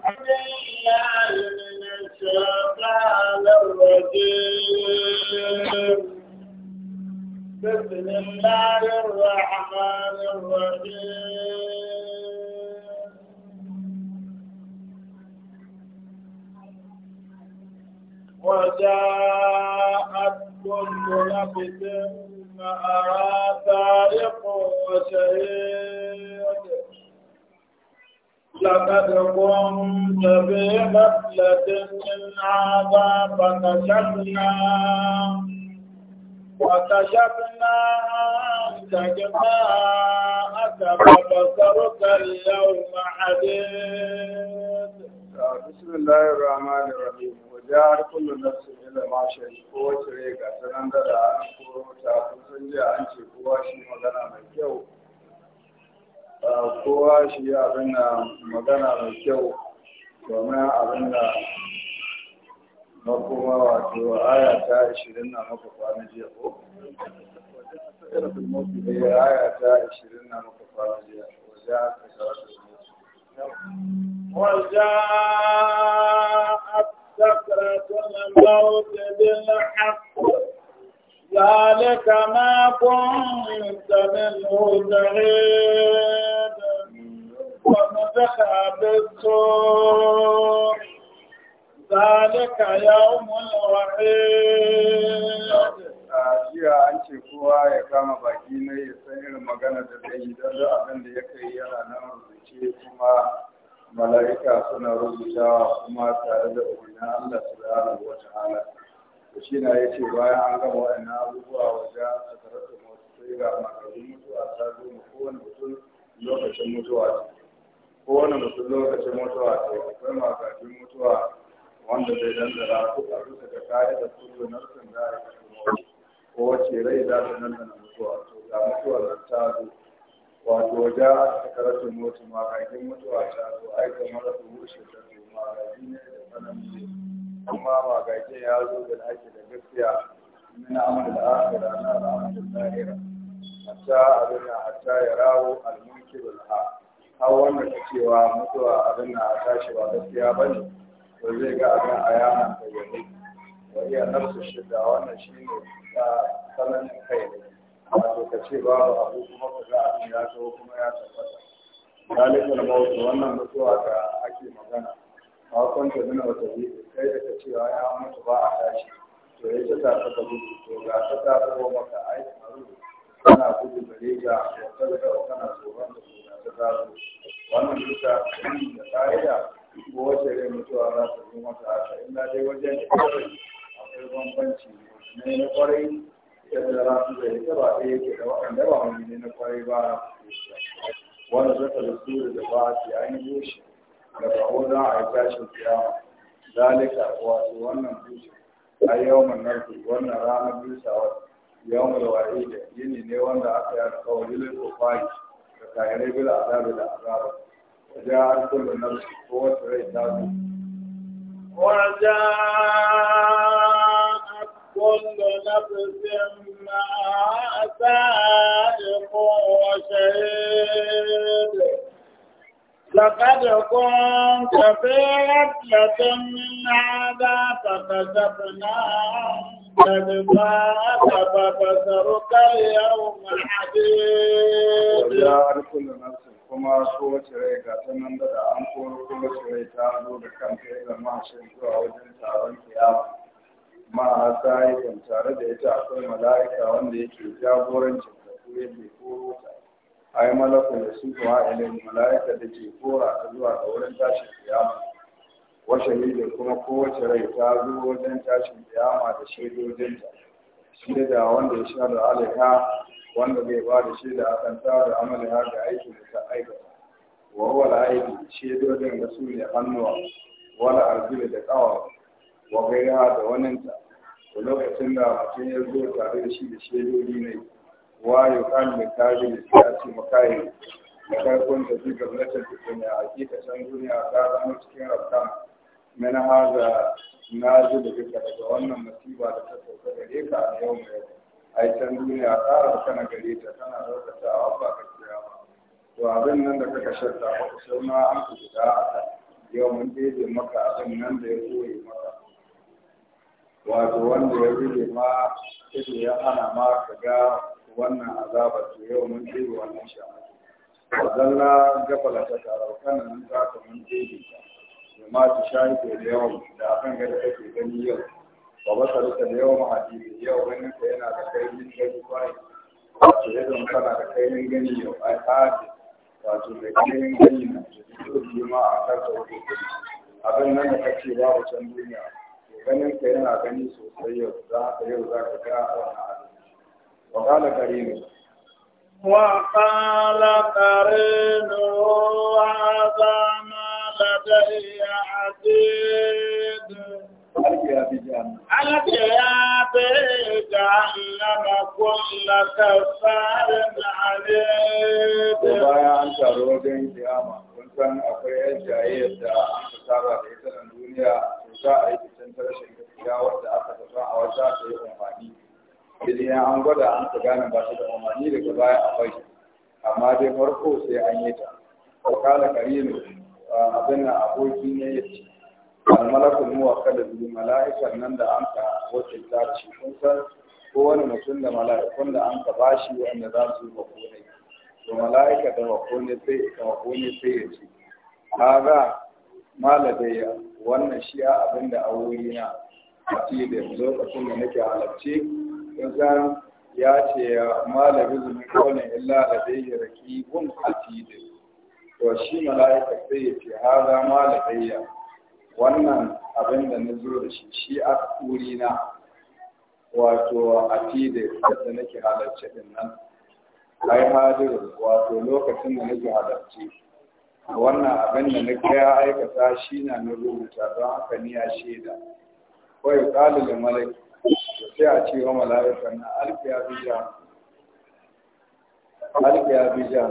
بسم الله الرحمن الرحيم وجاءت كل نفس مع سارق وشهيد لقد كنت في غفلة من عذاب فكشفنا وكشفنا عنك جماعك فبصرك اليوم حديد بسم الله الرحمن الرحيم وجاء كل نفس إلى ما شهد قوة ريقة سنندر عن قوة تاكل سنجا عن شيء قوة شيء مغنى من جو Ah, kowa shi abin da magana mai kyau domin abin da makoma wato aya ta 20 na maka kwana jiya ko? Eh, aya ta 20 na maka kwana jiya wajen aka sarrafa وجاءت سكرة الموت بالحق ذلك ما كنت منه زعيد ومدح بالسوء ذلك يوم الوحيد jiya an ce kowa ya kama baki na ya san irin magana da zai yi don abin da ya kai yana nan rubuce kuma mala'ika suna rubutawa kuma tare da ubangiji Allah su ala wata ta'ala shi na ya ce bayan an gama waɗannan abubuwa wajen a karatu masu sai ga makarin mutuwa ta goma kowane mutum lokacin mutuwa ce kowane mutum lokacin mutuwa ce akwai makarin mutuwa wanda zai dandara ko a bisa ga kayan da kullum narkin da a kashe ko wace rai za ta dandana mutuwa to ga mutuwar da ta zo wato ja a karatu mutu makarin mutuwa ta zo ai kamar da wuce ta zo makarin ne da tsanani amma ba ga ke ya zo da naki da gaskiya min amal al-akhirah na rahmatul lahira hatta abinna hatta ya rawo munkir al ha. har wanda ta cewa mutuwa abin na a tashi ba gaskiya ba ne to zai ga abin a yaman bayyane wa iya nafsu shida wannan shi ne ta sanan kai ne wato ka ce babu abu kuma ka ga abin ya zo kuma ya tabbata dalilin mawuce wannan mutuwa da ake magana a kwanta ta nuna wata biyu kai da ka cewa ya mutu ba a tashi to ya ta ta ta gudu to ga ta ta zo maka ai maru kana gudu gare ta ta ta kana tsoron da ta ta ta wannan duka da ka'ida ko wace rai mutuwa za ta zo maka a ta inda dai wajen da kwarai akwai bambanci ne na kwarai yadda za su zai ta ba ɗaya ke da waɗanda ba wani ne na kwarai ba wani zaka da su da ba a ce an yi shi daga wani a yi tashin kiyama zalika wato wannan busa a yawon narki wannan ranar busawa yawon wa'i da yini ne wanda aka yi alkawari lalko fayi da kayarai bila azabi da azabi wajen an kullum na ko wata rai ta zo وجاءت كل نفس مع سائق وشهيد لقد كنت في رحلة من هذا فكذبنا كذباك فبصرك اليوم حديد kuma so wace rai ga ta nan da an koro ko wace rai ta zo da kan kai ga mashin zuwa wajen taron kiyama ma a sa'ikan tare da ita akwai mala'ika wanda yake jagorancin tafiye mai ko ta ai malakun da su kuwa ilin mala'ika da ke kora ta zuwa ga wurin tashin kiyama ne da kuma kowace rai ta zo wajen tashin kiyama da shaidojinta da wanda ya sha da wanda zai ba da shaida a kan ta da har da aikin da ta aikata wa wal aiki shaidojin da su ne hannuwa wala arziki da kawa wa gaira da waninta da lokacin da mutum ya zo tare da shi da shaidoji ne wa ya kan da kari da ya ce makayi da karfin da zai gwamnatin duniya a kikacin duniya ta zama cikin rafta mana haza na ji da duka daga wannan masiba da ta sauka gare ka a yau mai ai can duniya ta rafta gare ta tana ɗaukata a wabba ka kira ba to abin nan da kaka shirta ba ku sau na an ku guda a kan yau mun ɗebe maka abin nan da ya koyi maka wato wanda ya rige ma ido ya hana ma ka ga wannan azabar to yau mun ɗebe wannan shamaki zalla gafala ta taraukanan nan za ka mun ɗebe ta ma ta shahi da yawan da akan gada kake gani yau ba ba sarka da yawan hadisi yau ganin ka yana da kaimin gani kwarai wato ya zama kana da kaimin gani yau ai hadi wato mai kaimin gani na jirgin ma a kan sauke gani abin nan da kace babu can duniya ganin ka yana gani sosai yau za ka yau za ka ga wannan وقال قريب وقال قريب هذا ما لدي عتيد ألقيا في جهنم كل كفار عنيد وبايا أنت روجين قيامة san akwai yan jayayyar da aka saba da ita duniya to za a yi da rashin gaskiya aka tafa a wata ta yi amfani sai an gwada an ta gane ba shi da umarni daga baya a akwai amma dai farko sai an yi ta ko kala karilu abin nan aboki ne ya ci. almalakul muwakkal bi mala'ikar nan da an ka wace ta ci kun san kowane mutum da mala'ikun da an ka bashi wanda za su yi bako ne to mala'ika da bako ne sai ka bako ne sai ya ce kaga maladaiya wannan shi a abin da a wuri na a da lokacin da nake halarci kusan ya ce ya malabi zumin kone illa da daya raki gun atidin to shi mala'ika sai ya ce ha za malabaiya wannan abin da na zo da shi shi a na wato atidin da nake halarci din nan ai hadiru wato lokacin da nake halarci wannan abin da na kaya aikata shi na na rubuta don haka ni a shaida kawai kalilin malaki sai a ce wa mala'ika na alƙiya bija da bija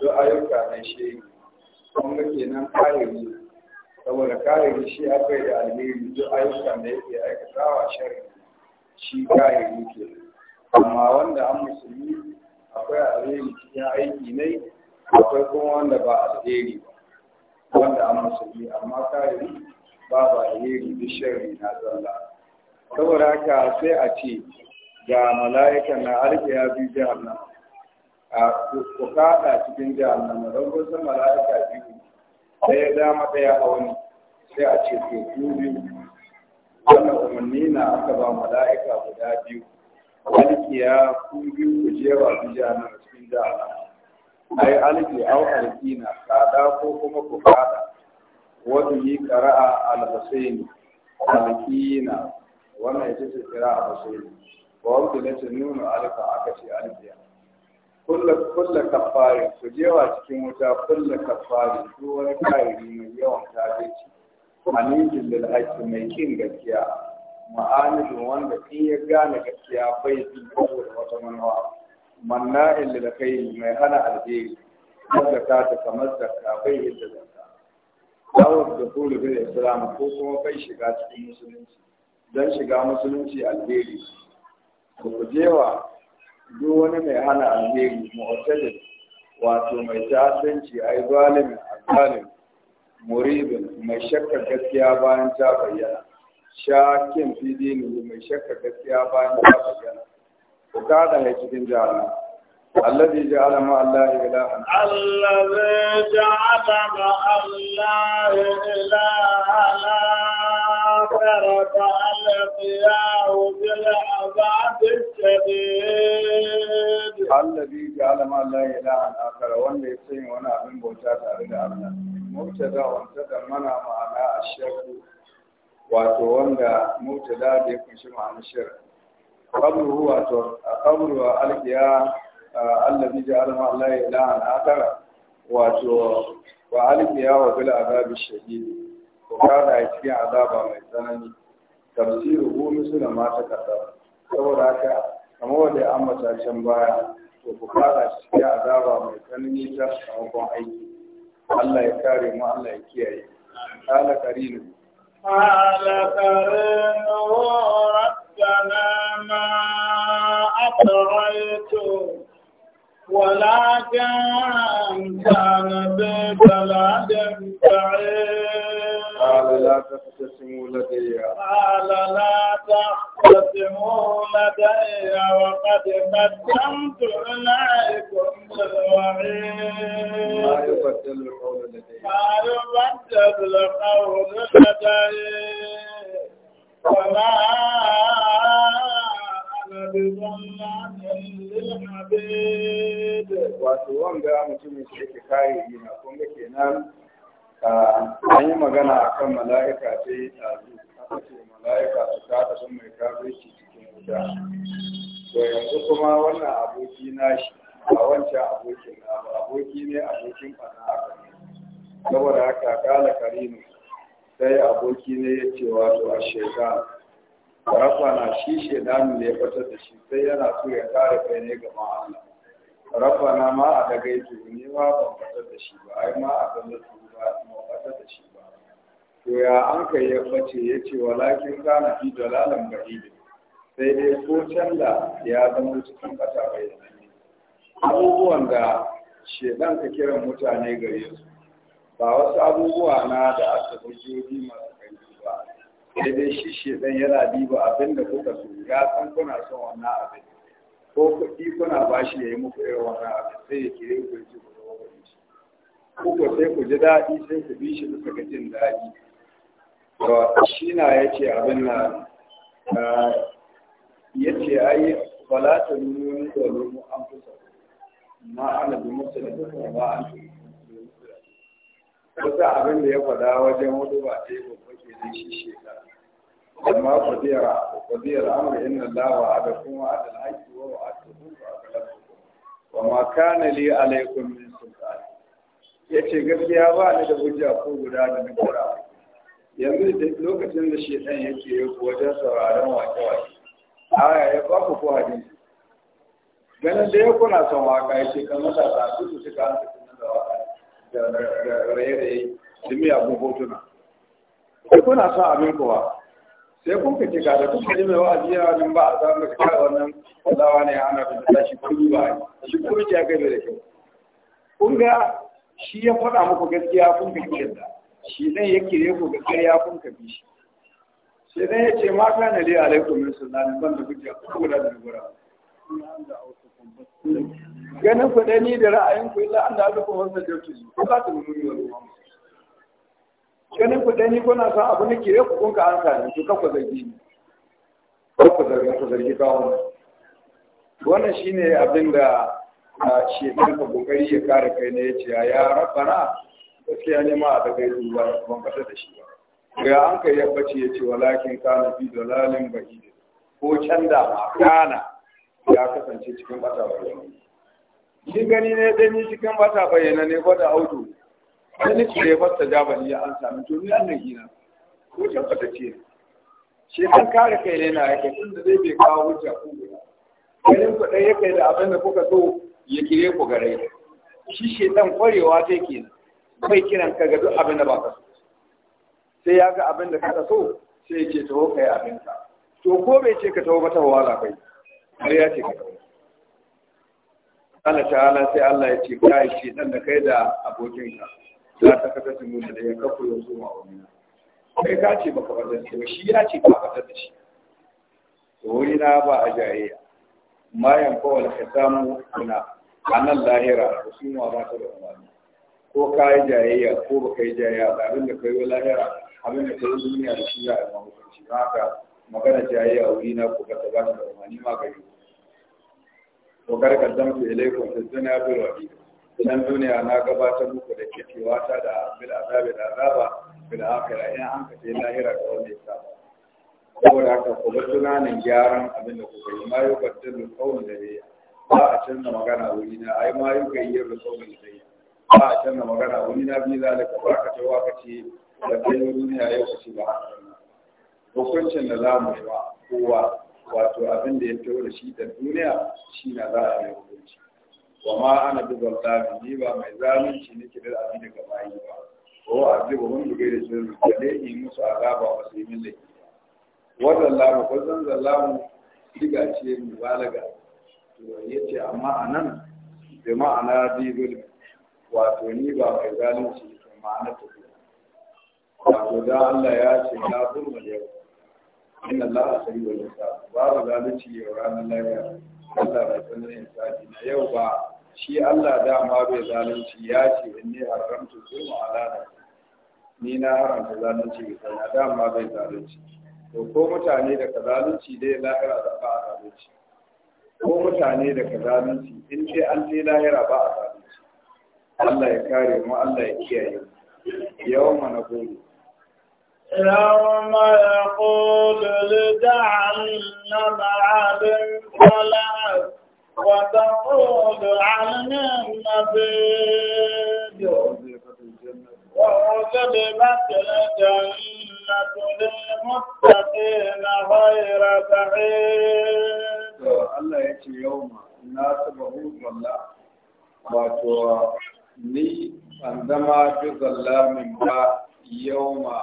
duk ayyuka na shi kuma muke nan kayiri saboda kayiri shi akwai da alheri duk ayyuka da yake aikatawa shari shi kayiri ke amma wanda an musulmi akwai alheri cikin aiki ne akwai kuma wanda ba alheri wanda an musulmi amma ba ba alheri duk shari na zalla saboda haka sai a ce ga mala'ikan na arziya biyu jihar nan a ku kada cikin jahannama don kun mala'ika biyu ɗaya dama ɗaya hauni sai a ce to ku biyu wannan umarni na aka ba mala'ika guda biyu alkiya ku biyu ku jewa su jahannama cikin jahannama ai alki au alkina kada ko kuma ku kada wani yi qara'a al-husaini alkina wannan ita ce a husaini wa wanda ne nuna alka aka ce alkiya kulla kafari ku wa cikin wuta kulla kafari ko wani kafiri mai yawan kafirci manikin da haƙƙi mai kin gaskiya ma'anidin wanda in ya gane gaskiya bai bi saboda wata manna manna'in da kai mai hana alheri wanda ta ta kamar zakka bai yadda ta kawo da kulu da islam ko kuma kai shiga cikin musulunci don shiga musulunci alheri ku wa. duk wani mai hana alheri mu'tadil wato mai tasanci ai zalimin azalim muribin mai shakka gaskiya bayan ta bayyana shakin fi mai shakka gaskiya bayan ta bayyana ku kada ne cikin jahannama الذي جعل مع الله إلها الذي جعل مع الله إلها الآخرة ألقياه بالعذاب الشديد الذي جعل ما لا إله wato wanda mubtada da ya kunshi ma'anar shirk qabru wato qabru alqiya allazi ja'ala ma la ilaha illa wato wa alqiya wa bil azabi shadid ku kada ya cikin azaba mai tsanani tafsiru ko misula ma ta kasa saboda haka kamar wanda an ambata can baya to ku kada shi azaba mai tsanani ta sakamakon aiki Allah ya kare mu Allah ya kiyaye kala karinu kala karinu rabbana ma أطغيته ولكن كان ببلد بعيد لا تختصموا لدي قال لا تختصموا لدي وقد قدمت إليكم بالوعيد ما يبدل القول لدي ما يبدل القول لدي وما أنا بظلام للعبيد وأتوان بها متمسك كاي من أقوم بكنا an yi magana a kan mala'ika ta yi tazu aka ce mala'ika su kada sun mai kafirci cikin wuta to yanzu kuma wannan aboki na shi a wancan abokin na ba aboki ne abokin fana a ne saboda haka kala karinu sai aboki ne ya ce wato a shekara rabbana shi shedanu ne ya fitar da shi sai yana so ya kare kai ne ga ma'ana na ma a dagaitu ne ma ban fitar da shi ba ai ma a dagaitu ba ta da shi ba to ya an kai ya bace ya ce walakin kana fi dalalan bahidi sai dai ko canza ya zama cikin kasa bai abubuwan da shedan ka kiran mutane gare su ba wasu abubuwa na da aka hujjoji masu kanki ba sai dai shi shedan yana diba abin da kuka so ya san kuna son wannan abin ko kuɗi kuna bashi ya yi muku irin wannan abin sai ya kire ku kuka sai ku ji daɗi sai ku bi shi suka jin daɗi to shi na ya ce abin na ya ce ai wala ta nuna da lomu an ta ma ana bi musu da kuma ba an kusa abin da ya faɗa wajen wani ba ta ba babba ke nan shi shekara amma fadiyar fadiyar amur inna lawa da kuma adal haƙi wa a kun ba a kalabu wa ma kana li alaikum min sultani ya ce gaskiya ba ni da hujja ko guda da na kura yanzu da lokacin da shedan yake kuwa wajen sauraron wake-wake aya ya ba ku ko hadisi ganin da ya kuna son waka ya ce kan matasa su su cika an cikin da waka da raye-raye da miyagun hotuna sai kuna son abin kowa sai kun ka cika da kuka jimai wa wa'azi wajen ba a samu da kare wannan kwallawa ne ana da tashi kuri ba shi kuri ya gabe da kyau kun ga shi ya faɗa muku gaskiya kun ka yadda shi dan ya kire ku gaskiya kun ka bi shi sai dai ya ce ma kana li alaikum min sunan ban da hujja ku guda da gura ganin ku dai ni da ra'ayin ku illa an da aka kuma san da ku ka mun yi wannan ganin ku dai ni kuna san abu ne kire ku kun ka an sani to ka ku zargi ni ku zargi ku zargi Wannan wannan shine abin da a shekar ka kokari ya kare kai ne ya ce ya rabbana gaskiya ne ma a da kai duba ban fata da shi ba ga an kai yabbaci ya ce walakin kana fi dalalin bahid ko can da ma kana ya kasance cikin bata bayyana shi gani ne dai ni cikin bata bayyana ne ko da auto sai ni ce ta jaba ni an sami to ni annan gina ko ta ce shi an kare kai ne na yake tunda zai bai kawo hujja ko guda garin kuɗai ya kai da abin da kuka so ya kire ku gare shi dan kwarewa ta ke bai kiran ka ga duk abin da ba ka so sai ya ga abin da ka so sai ya ce taho kai abin ka to ko bai ce ka taho ba taho wala kai har ya ce ka taho Allah ta'ala sai Allah ya ce kai dan da kai da abokin ka za ta kasa su mutu da ya kafa ya zo ma wani kai ka ce baka fatar da shi shi ya ce ka fatar da shi to wuri na ba a jayayya ma yanfa wal hisamu kuna a nan lahira ma ba ta da umarni ko ka yi jayayya ko ba ka yi jayayya da abin da ka yi lahira abin da ka yi duniya da shi ya yi mahukunci na haka magana jayayya wuri na ku ba ta ba ta da umarni ma gari to kar ka zama ku ilaikun ta zina bil wadi idan duniya na gabatar muku da kekewa ta da bil azabi da azaba bil akhirah in an ka sai lahira da wanda ya saba saboda haka ku bar tunanin gyaran abin da kuka yi ma yau tunanin kawun da ya yi ba a canza magana wuri na ai ma yuka yi yin rasu mai zai ba a canza magana wuri na biyu da ba ka wa ka ce da kai duniya yau ka ce ba hukuncin da za mu yi wa kowa wato abin da ya tawo da shi da duniya shi na za a yi hukunci wa ma ana dubal zafi ni ba mai zalunci ke da abin daga bayi ba ko azibu wani bugai da zulmi da dai yi musu azaba ba su yi min da ba wannan lamu ko zan zalamu diga ce balaga yace amma anan da ma'ana bi zulm wato ni ba mai zalunci ba ma'ana ta wato da Allah ya ce na zulma yau in Allah sai wa ba ba zalunci yau ranar lafiya Allah bai sanar insafi na yau ba shi Allah da ma bai zalunci ya ce in inni haramtu ma ala nafsi ni na haramta zalunci ga da ma bai zalunci to ko mutane da zalunci dai lahira da ba a zalunci ko mutane daga zalunci in ce an ce lahira ba a zalunci Allah ya kare mu Allah ya kiyaye yau na gobe يوم يقول لجعلنا عالم فلعب وتقول عن النبيد وأذلفت الجنة للمتقين غير بعيد da Allah ya ce yau ma na saba wato ni an zama zalla min ba yau ma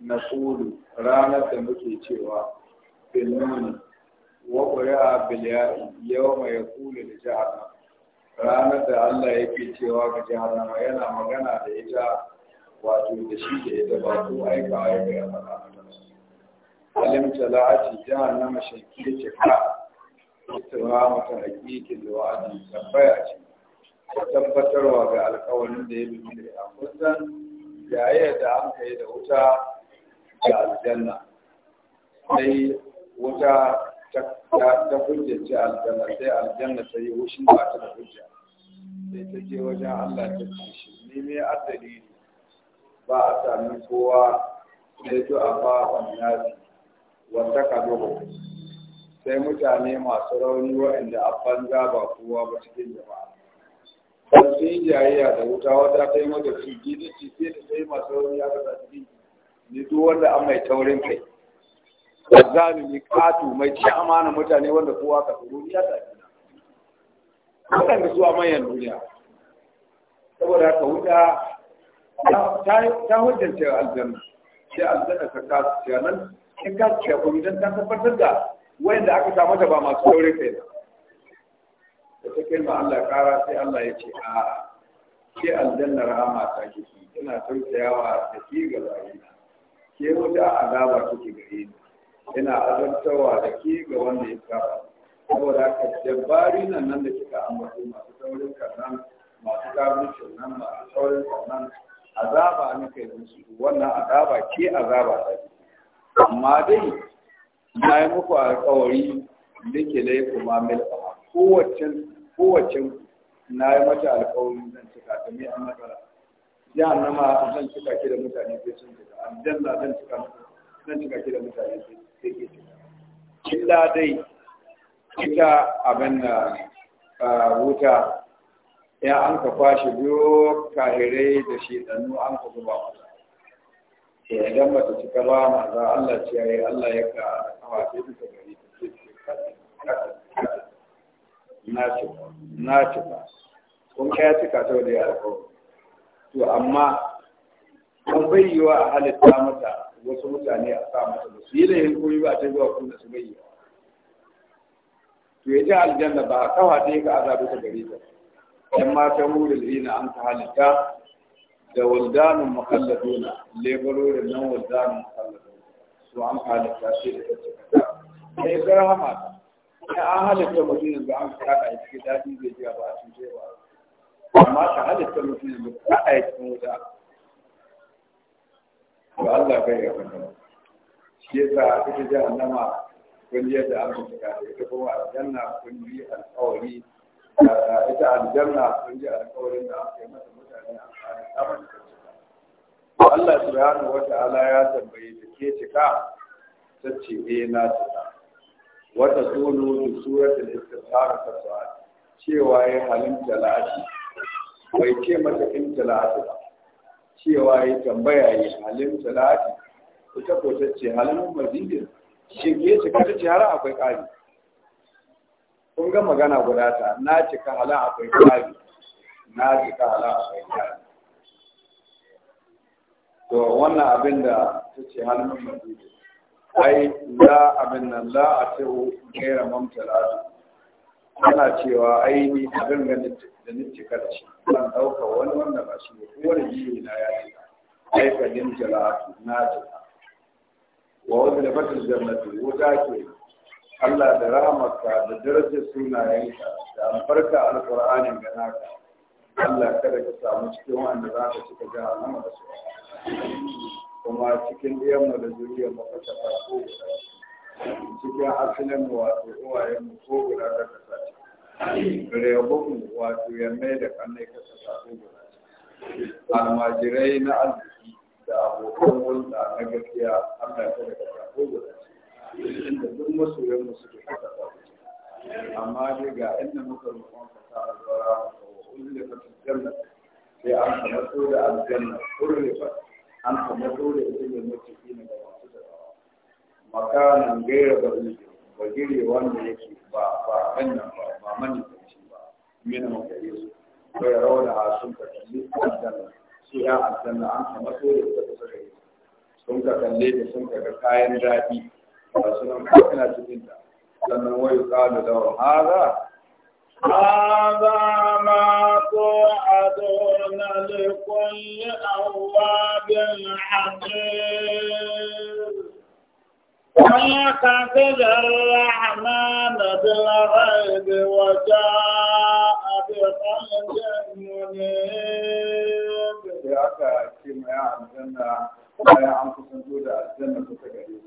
na kudu ranar da muke cewa filmoni wa ƙuri'a biliyari yau ma ya kula da jihar ranar da Allah ya yake cewa ga jihar yana magana da ita wato da shi da ya gabatu aika aika ya faɗa alimta la'ati jahannama shakki da cika istiwa mata hakikin da wa'adi tambaya ce ta tabbatarwa ga alkawarin da ya bi da ya kusan yayin da an kai da wuta da aljanna sai wuta ta hujjace aljanna sai aljanna ta yi wushin ba ta da hujja sai ta je wajen Allah ta ce shi ni me addalili ba a sami kowa sai to a ba wannan wata kado ba sai mutane masu rauni waɗanda a banza ba kowa ba cikin jama'a ba su yi jayayya da wuta wata ta yi mata su gidi ci sai da sai masu rauni ya ga zafi ne duk wanda an mai taurin kai ba za mu yi katu mai ci amana mutane wanda kowa ka tsoro ya zafi na. waɗanda su a manyan duniya saboda haka wuta ta hujjanta aljanna sai aljanna ka kasu nan in kasu ya kuma idan ta tabbatar da wanda aka sa mata ba masu saurin kai ba da ta kai ma Allah kara sai Allah ya ce a ke aljanna rahama ta kiki tana tausayawa da ki ga bayina ke wuta azaba kike gare ni yana azantawa da ki ga wanda ya kafa. saboda haka dabbari nan nan da kika ambato masu saurin karnan masu karuncin nan masu saurin karnan azaba ne kai musu wannan azaba ke azaba ta amma dai na yi muku alkawari ke lai kuma mil kowacin kowacin na yi mata alkawari zan cika ta mai an matsala ma zan cika ki da mutane sai sun cika aljanna zan cika zan cika ki da mutane sai ke cika illa dai ita abin da wuta ya an ka kwashe biyo kahirai da shedanu an ka zuba mata idan ba ta cika ba za Allah ce ya yi Allah ya ka kawa sai bisa gari ta ce na ci na ba kun ya cika ta da yara kawai to amma an bayyawa a halitta mata wasu mutane a sa mata ba su yi yin koyi ba ta zuwa kuma su bai bayyawa to ya ji aljanna ba a kawa ta yi ka azabi ta gari ta yan mata wurin rina an ta halitta da waldanun makalladuna lebarorin nan waldanun makalladuna su an halitta sai da kace kaza sai ga ta. ya an halitta mutum yanzu an kada a cikin daɗi bai ji ba a cikin ba amma ka halitta mutum yanzu ka kada a cikin wuta ba Allah bai ga wannan shi yasa ita jahannama kun yadda an mutu ka ita kuma aljanna kun yi alƙawari ita aljanna kun yi alƙawarin da aka yi mata mutane a kare ta mata Allah subhanahu wa ta'ala ya tambaye ke cika ta ce e na cika wata tono da suratul da ta su'al cewa ya halinta la'ati bai ce mata in la'ati ba cewa ya tambaya ya halinta la'ati ita ko ta ce halin mazidin shi ke cika ta ce har akwai ƙari kun ga magana guda ta na cika halin akwai ƙari na cika halin akwai ƙari to wannan abin da ta ce hannun madudu ai la abin nan la a ce o gaira mamtala ana cewa ai ni abin ga da nice karci zan ɗauka wani wanda ba shi ne ko wani jini na ya ce ai ka nin jala'atu na ce wa wani da batul jannatu wuta ke Allah da rahamarka da darajar sunayenka da albarka alƙur'anin ga naka Allah kada ka samu cikin wanda za ka cika jahannama da su kuma cikin ɗiyanmu da zuriyar mu ta kasa ko guda cikin asalin mu wato uwayen mu ko guda ka kasa rebun wato ya mai da kannai ka ta ko guda almajirai na arziki da abokan hulɗa na gaskiya Allah ta da kasa ko guda inda duk masoyan mu suke kasa ko amma dai ga inda muka roƙon ka ta alwara ko ulil ka janna sai an kamar da aljanna ulil fatil an kuma dole da ne mace ne da masu da makanan gaira ba ne ba gire wanda yake ba ba hanyar ba ba mani kanci ba mina makare su bai rauna a sun ka kalli aljanna su ya aljanna an kuma dole da ta suka yi sun ka kalle da sun ka ga kayan daɗi ba su nan ko suna cikin ta sannan wayo kalu da hada هذا ما توعدون لكل أواب حقير ويكتب الرحمن بالغيب وجاء بقلب منيب يا أخي ما يعلم أن لا يعلم تسندود الجنة تتجري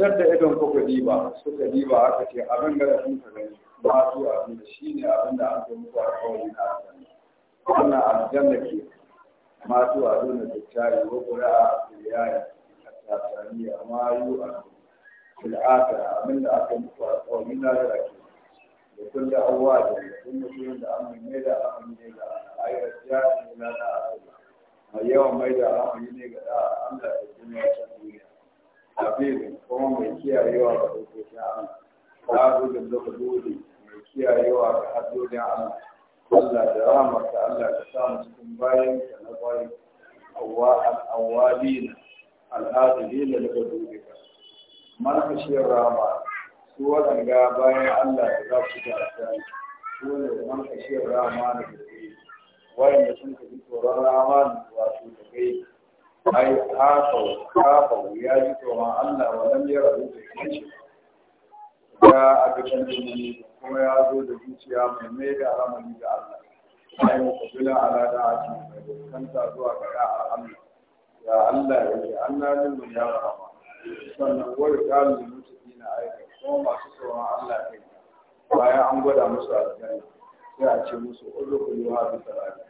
fitar da idon kuka diba suka diba aka ce abin da sun ka gani ba su abin da ne abin da an muku a kawai na wannan aljanna ke ma su abin da tattari ko kura a yayi a tattari a mayu a fil'ata abin da aka muku a kawai na da ke da kun da awwa da kun mutum da an mai da an mai da ayar jami'a na da a yawan mai da an mai ne ga da an da duniya abin kuma mai kiyayewa ga dokokin Allah babu da dole mai kiyayewa ga haddodin Allah Allah da rahmarka Allah ka samu cikin bayan ka na bayan awwalina al'adilina daga dubika man kashiyar rama su waɗanda bayan Allah da za su ga asali su ne man kashiyar rama da gari wayanda sun kaji tsoron rama wato da gai ai kafau kafau ya ji tsoron Allah wa ya yara da shi ya abidan jini kuma ya zo da zuciya mai mai da ramani ga Allah ai mu kabila ala da aki mai fuskanta zuwa ga a Allah ya Allah ya ce annalin mu ya rahama sannan wani kalin mutuki na aika kuma masu tsoron Allah ne bayan an gwada musu aljanna sai a ce musu ulukul yuha bi salati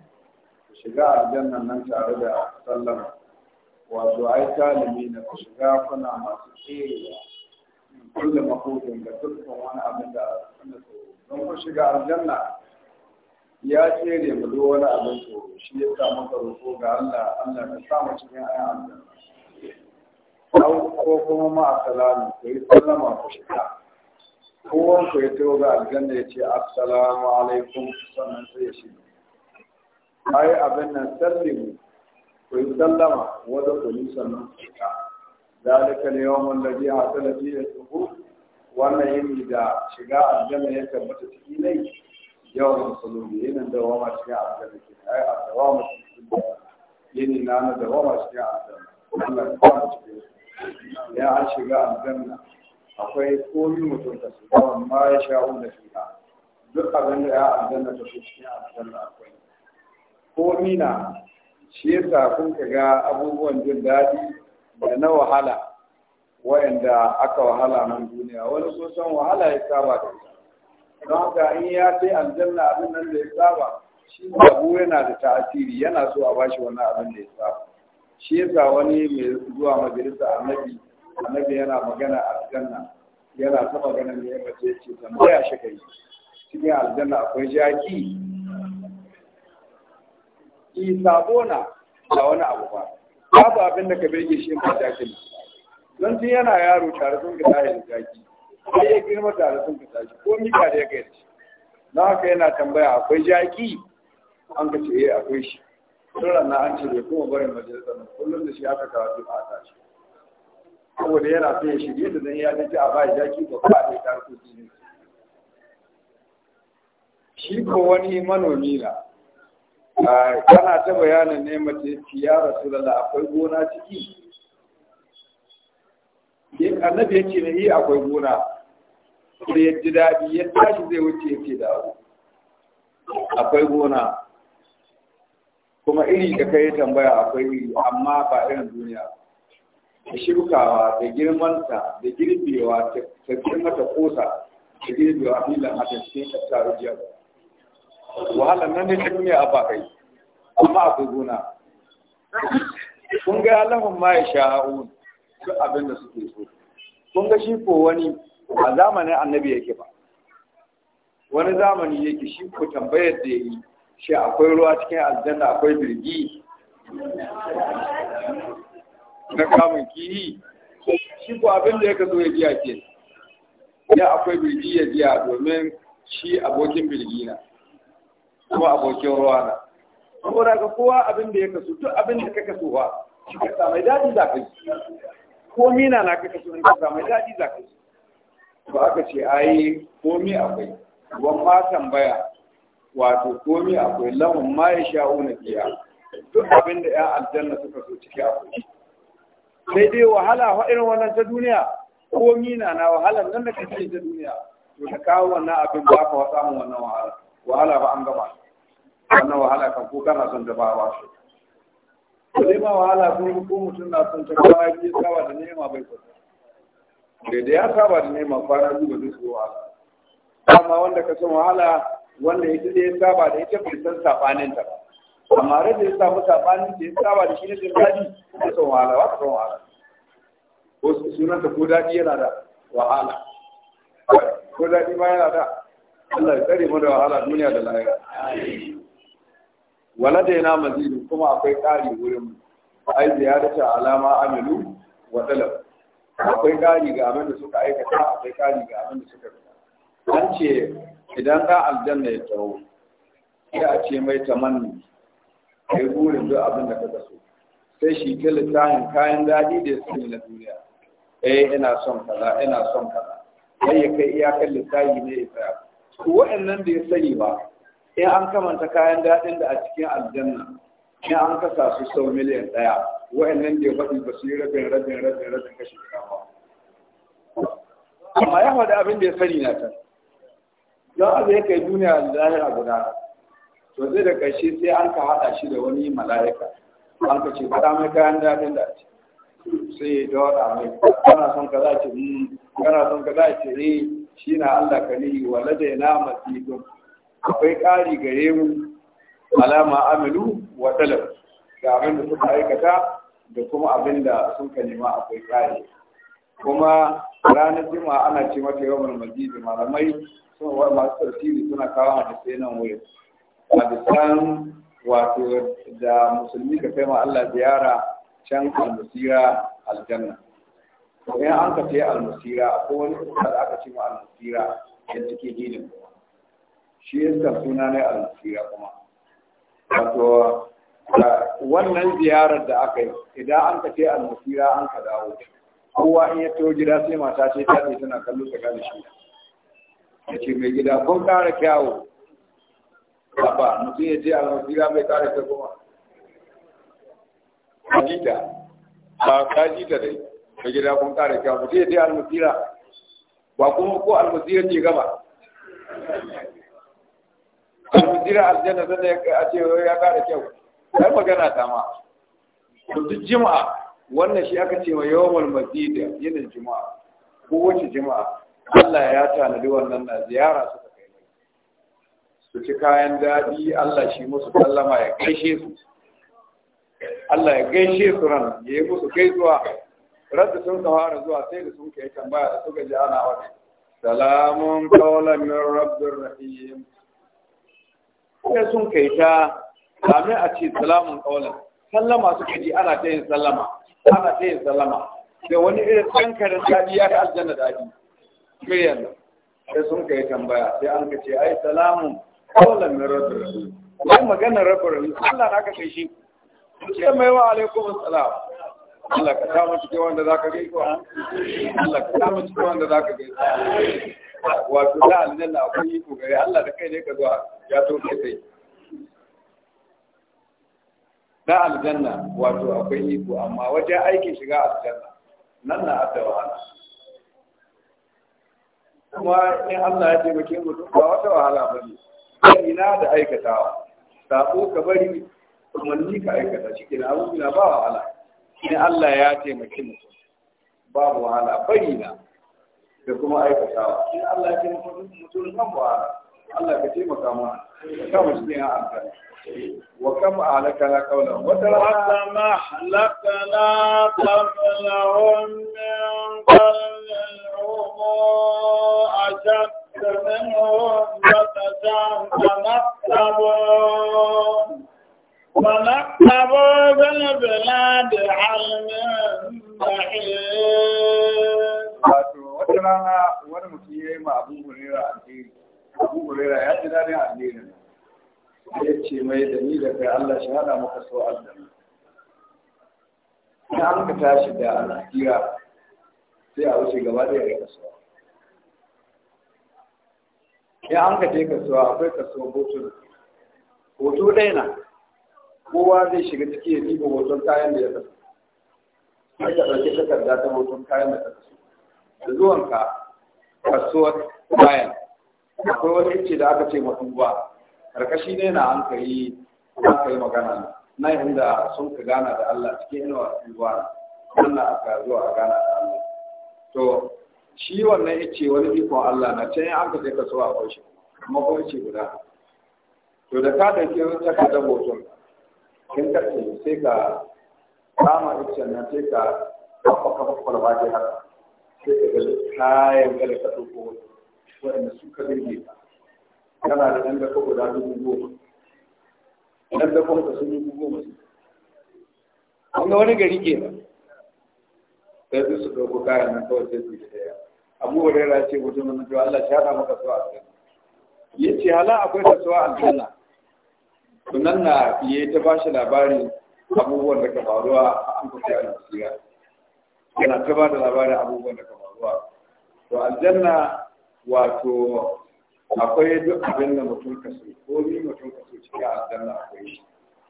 shiga aljannan nan tare da sallama wato ai talibi na ku shiga kuna masu tserewa kullum makokin da dukkan wani abin da suna so don ku shiga aljanna ya tsere mu duk wani abin tsoro shi ya sa maka roƙo ga Allah Allah ka sa mu cikin ayan aljanna ko kuma ma assalamu ku yi sallama ku shiga kowan ku ya tawo ga aljanna ya ce assalamu alaikum sannan sai ya shiga ai abin nan sallimu ku yi sallama wadda ku yi sannan ذلك اليوم a حصل da الظهور wannan yin da shiga aljanna ya tabbata ciki ne yawan musulmi yinin masu cikin aljanna ke ai a masu cikin yini na na dawama cikin aljanna wannan ya cikin cikin ya an shiga aljanna akwai komi mutum ta su ma ya sha'u da shiga duk abin da ya aljanna ta cikin aljanna akwai ko mina shi yasa kun ga abubuwan jin daɗi da na wahala wayanda aka wahala nan duniya wani sun san wahala ya saba da ita don haka in ya ce aljanna abin nan da ya saba shi babu yana da tasiri yana so a bashi wannan abin da ya saba shi yasa wani mai zuwa majalisa annabi annabi yana magana aljanna yana ta magana ne ya ce tambaya shi kai cikin aljanna akwai jaki yi sabo na da wani abu ba babu abin da ka bege shi ba jakin don tun yana yaro tare sun ka tashi da jaki sai ya girma tare sun ka tashi ko mika da ya kai shi na haka yana tambaya akwai jaki an ka ce eh akwai shi tun na an ce bai kuma barin majalisar nan kullum da shi aka karatu a tashi saboda yana so ya shirye da zan yi ji a ba jaki ba ba da ya tarko shi ko wani manomi na kana ta bayanin ne mace ya rasulullah akwai gona ciki annabi ya ce na yi akwai gona da ya ji daɗi ya tashi zai wuce ya ce dawo akwai gona kuma iri da kai tambaya akwai iri amma ba irin duniya da shirkawa da girmanta da girbewa ta girmata kosa da girbewa filan a cikin tattaro jiya wahala nan ne duniya a bakai amma akwai gona kun ga lahun ma ya sha'a'un duk abin da suke so kun ga shi ko wani a zamanin annabi yake ba wani zamani yake shi ko tambayar da yi shi akwai ruwa cikin aljanna akwai birgi na kamun ki shi ko abin da yake zo ya biya ke ya akwai birgi ya biya domin shi abokin birgi na Kuma abokin ruwa na saboda ga kowa abin da ya kasu duk abin da ka kasu ba shi ka sa mai daɗi za ka yi. ko mina na ka kasu in ka sa mai daɗi za ka yi. Ba aka ce yi komi akwai ma tambaya wato komi akwai lamun ma ya una biya duk abin da 'yan aljanna suka so ciki akwai sai dai wahala wa irin wannan ta duniya ko mina na wahalar nan da kake ta duniya to ta kawo wannan abin ba ka samun wannan wahala wahala ba an gaba wannan wahala kan ko kana son da ba shi ko dai ma wahala ko ko mutum na son ta kwana biyu saba da nema bai kwata da ya saba da nema fara ji ba zai so wahala amma wanda ka san wahala wanda ya da ya saba da ita bai san sabanin ta ba amma rai da ya samu sabanin da ya saba da shi ne da daɗi ka san wahala ba ka wahala ko sunan ta ko daɗi yana da wahala ko daɗi ba yana da Allah ya tsare mu da wahala duniya da lahira walada yana mazidin kuma akwai ƙari wurin ai ziyarata alama amilu wa talab akwai ƙari ga abin da suka aikata akwai ƙari ga abin da suka fita an ce idan ka aljanna ya tawo sai a ce mai tamanni kai burin duk abin da ka so sai shi ke littafin kayan daɗi da ya ne na duniya eh ina son kaza ina son kaza sai ya kai iyakar littafi ne ya tsaya Ko waɗannan da ya sani ba in an kamanta kayan daɗin da a cikin aljanna in an kasa su sau miliyan ɗaya wa'annan da ya faɗi ba su yi rabin rabin rabin rabin kashi ba amma ya faɗi abin da ya sani na ta don abu ya kai duniya da zahira guda to zai da ƙarshe sai an ka haɗa shi da wani mala'ika an ka ce faɗa mai kayan daɗin da a ce sai ya dawada mai kana son ka za ce hmm, kana son ka za ce eh, shi na Allah kalihi wa ladaina masifin akwai ƙari gare mu alama amilu wa talab ga abin da suka aikata da kuma abin da sun ka nema akwai ƙari kuma ranar jima ana ce mata yawan da malamai sun wa masu tartibi suna kawo hadisai nan a bisan wato da musulmi ka kai ma Allah ziyara can almusira aljanna to in an ka ce almusira ko wani kuka da aka ce ma almusira yadda ke ku shi yasa suna ne a basira kuma wato wannan ziyarar da aka yi idan an ka ce al an ka dawo kowa in ya to gida sai mata ce ta ce tana kallo ta gani shi ya ce mai gida kun ƙara kyawo ba mutum ya ce a basira mai ƙara ta kuma kajita ba kajita dai mai gida kun ƙara kyawo mutum ya ce a basira ba kuma ko al-basira ce gaba kafin jira aljanna zan a ce ya kara kyau ai magana ta ma duk jima'a wannan shi aka ce wa yawmal mazida yinin jima'a ko wace jima'a Allah ya tanadi wannan na ziyara suka kai mai su ci kayan daɗi Allah shi musu sallama ya gaishe su Allah ya gaishe su ran ya yi musu kai zuwa radda sun fara zuwa sai da sun kai tambaya da suka ji ana wata salamun qawlan min rabbir rahim sai sun kai ta sami a ce salamun kaulan sallama suka ji ana ta yin sallama ana ta yin sallama da wani irin tsankarin daɗi ya yi aljanna daɗi miliyan nan sai sun kai tambaya sai an ka ce ai salamun kaulan na rabbi rahim wai maganar rabbi rahim Allah na ka kai shi ce mai wa alaikum salam Allah ka samu cikin wanda zaka gaisuwa Allah ka samu cikin wanda zaka kai wato da aljanna akwai iko gare Allah da kai ne ka zuwa ya so ke sai na aljanna wato akwai iko amma wajen aikin shiga aljanna nan na adda kuma in Allah ya taimake mutum ba wata wahala ba ne ina da aikatawa sako ka bari umarni ka aikata shi ke abubuwa ba wahala in Allah ya taimake mutum babu wahala bari na da kuma aikatawa in Allah ya taimake mutum kan wahala Allah ka taimaka mana ka sa mu cikin amfani وكم أهلكنا قبلهم وكما أهلكنا قبلهم من قرن هم أشد منهم بطشا فنكتبوا فنكتبوا بالبلاد هل من محيط. Wato, wata rana wani mutum ya yi ma abubuwan rera a cikin abu hurera ya ji daɗin addinin ya ce mai da ni da kai Allah shi hada maka so aljanna in an ka tashi da alhira sai a wuce gaba ɗaya ga kasuwa Ya an ka je kasuwa akwai kasuwa hoto hoto ɗaya na kowa zai shiga ciki ya ɗiba hoton kayan da ya kasu sai ka ɗauki takarda ta hoton kayan da ka kasu da zuwanka kasuwar bayan akwai wani ice da aka ce matuba karkashi ne na an kai an kai magana na inda sun ka gana da Allah cikin inuwa duba wannan aka zuwa a gana da Allah to shi wannan ice wani ikon Allah na can an ka je ka so akwai shi kuma ko guda to da ka ta ka da hoton kin ce sai ka kama icen nan sai ka kafa kafa kwalba ce sai ka ga kayan kada ka dauko waɗanda suka birge ta yana da ɗan dafa guda dubu goma ɗan dafa guda sun dubu goma su an wani gari ke nan sai su su ɗauko kayan nan kawai sai su yi ɗaya abu hurera ce mutum na cewa Allah ya haɗa maka suwa aljanna ya ce hala akwai ta suwa aljanna sunan na ya ta ba shi labarin abubuwan da ka faruwa a an kusa a Najeriya yana ta ba da labarin abubuwan da ka faruwa to aljanna wato akwai duk abin da mutum ka so ko ni mutum ka so cikin aljanna akwai shi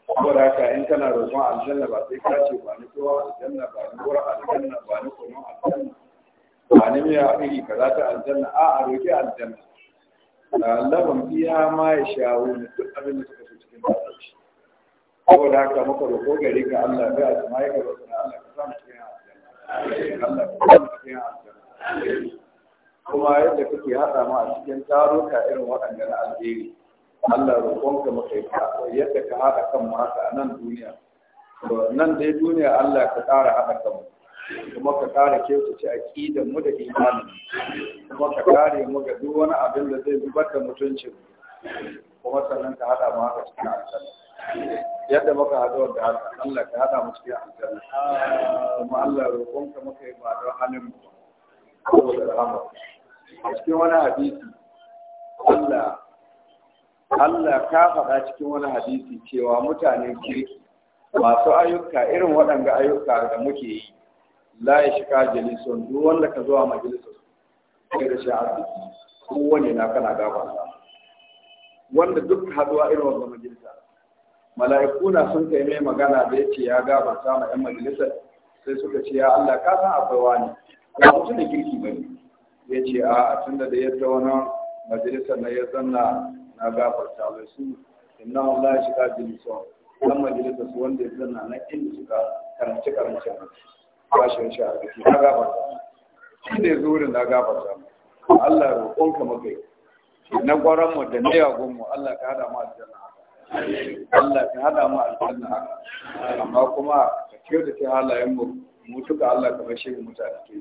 saboda haka in kana roƙon aljanna ba sai ka ce ba ni tuwa aljanna ba ni wura aljanna ba ni kuma aljanna ba ni miya ka kaza ta aljanna a a roƙi aljanna laban biya ma ya shawo ne duk abin da suka so cikin aljanna saboda haka muka roƙo gari ga Allah bai a jama'a ya ka roƙo Allah ka samu cikin aljanna Allah ka samu cikin aljanna kuma yadda kake haɗa ma a cikin taruka irin waɗanda na alheri Allah roƙonka maka yadda ka haɗa kan mu haka nan duniya nan dai duniya Allah ka ƙara haɗa kan mu kuma ka ƙara kyautace aƙidan mu da imanin kuma ka kare mu ga duk wani abin da zai zubar da mutuncin kuma sannan ka haɗa mu haka cikin aljanna yadda muka haɗu da haka Allah ka haɗa mu cikin aljanna kuma Allah roƙonka maka yi ba don halin mu saboda rahama cikin wani hadisi Allah ka faɗa cikin wani hadisi cewa mutanen kirki masu ayyuka irin waɗanga ayyuka da muke yi la ya shiga jalisun duk wanda ka zuwa majalisar kai da shi arziki kowane na kana gabata wanda duk haɗuwa irin wanda majalisa mala'iku na sun kai mai magana da ya ce ya gaba ma 'yan majalisar sai suka ce ya Allah ka san akwai wani ya mutu da kirki ba ne ya ce a tun da yadda wani majalisar na ya zanna na gafarta mai su inna Allah ya shiga jilisun dan majalisar su wanda ya zanna na inda suka karanci karanci ba shi shi a ciki na gafarta shi da ya na gafarta Allah ya roƙonka maka na gwaran mu da na gon mu Allah ka hada mu a aljanna Allah ka hada mu a aljanna amma kuma ka ke halayen mu mutuka Allah ka bashe mu mutane ke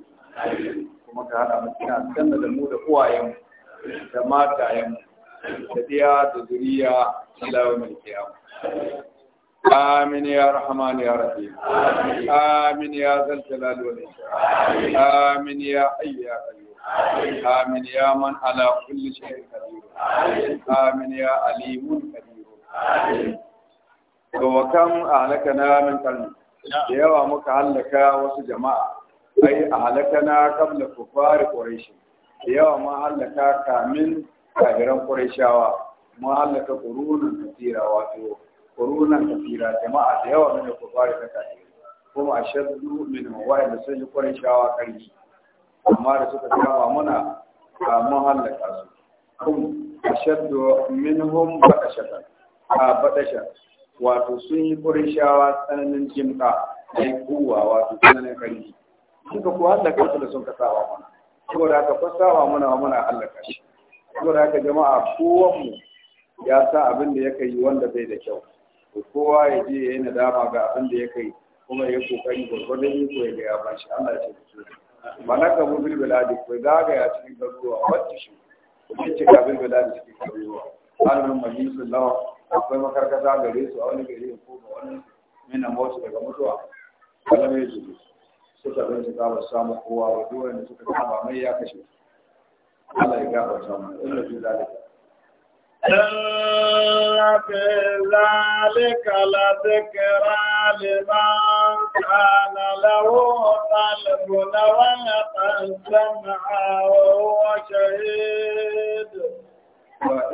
kuma ka haɗa mu cikin aljanna da mu da uwayen da matayen da diya da zuriya ila yawmil qiyamah آمين يا رحمن يا رحيم آمين, آمين يا ذا الجلال والإكرام آمين يا حي يا قيوم آمين, آمين يا من على كل شيء قدير آمين, آمين يا عليم قدير وكم أهلكنا من قلب da yawa muka hallaka wasu jama'a ai a halakana kabla kufari quraish da yawa ma halaka kamin kafiran qurayshawa ma halaka qurunan kasira wato qurunan kasira jama'a da yawa ne kufari da kafiri kuma shaddu min wa'ida sun yi qurayshawa karfi amma da suka kama muna mun halaka su kun ashaddu minhum badashatan a badashan wato sun yi qurayshawa tsananin jimka ai kuwa wato tsananin karfi suka kuwa hallaka su da sun ka sawa mana saboda haka fasawa mana wa muna hallaka shi saboda haka jama'a kowanmu ya sa abin da yake yi wanda bai da kyau to kowa ya je ya yi nadama ga abin da yake yi kuma ya kokari gwargwadon ko ya ga ya bashi Allah ya ce mana ka mu bil biladi ya zagaya cikin garuruwa wacce shi ku ce ka bil biladi cikin garuruwa alamin majlisul lawa akwai makarkata gare su a wani gari ko ga wani mena mota daga mutuwa Allah ya ji suka bincika ba samu kowa ba duk wanda suka kama mai ya kashe Allah ya gafarta mu inna fi zalika إن في ذلك لذكرى لمن كان له قلب ولقى السمع وهو شهيد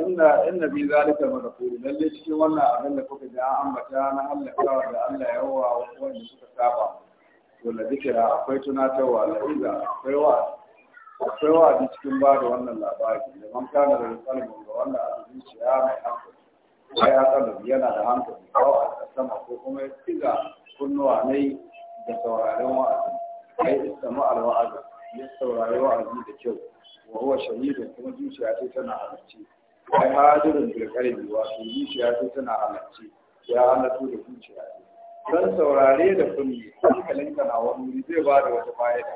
inna inna bi zalika madhkur lalle cikin wannan abin da kuka ji an ambata na Allah kawai da Allah yawa wanda suka saba wala zikira akwai tunatarwa la'iza akwai wa akwai wa cikin ba da wannan labari da man kana da kalbin ga wanda aka zuciya mai hankali sai ya kalbi yana da hankali ko a sama ko kuma ya tsiga kunnuwa ne da sauraron wa'azi ai istamu al wa'azi ya saurari wa'azi da kyau wa huwa shahidun kuma zuciya ce tana halarci ai hadirin bil qalbi wato zuciya ce tana halarci ya halatu da zuciya ce don saurare da kunni hankalin ka na wani zai ba da wata fa'ida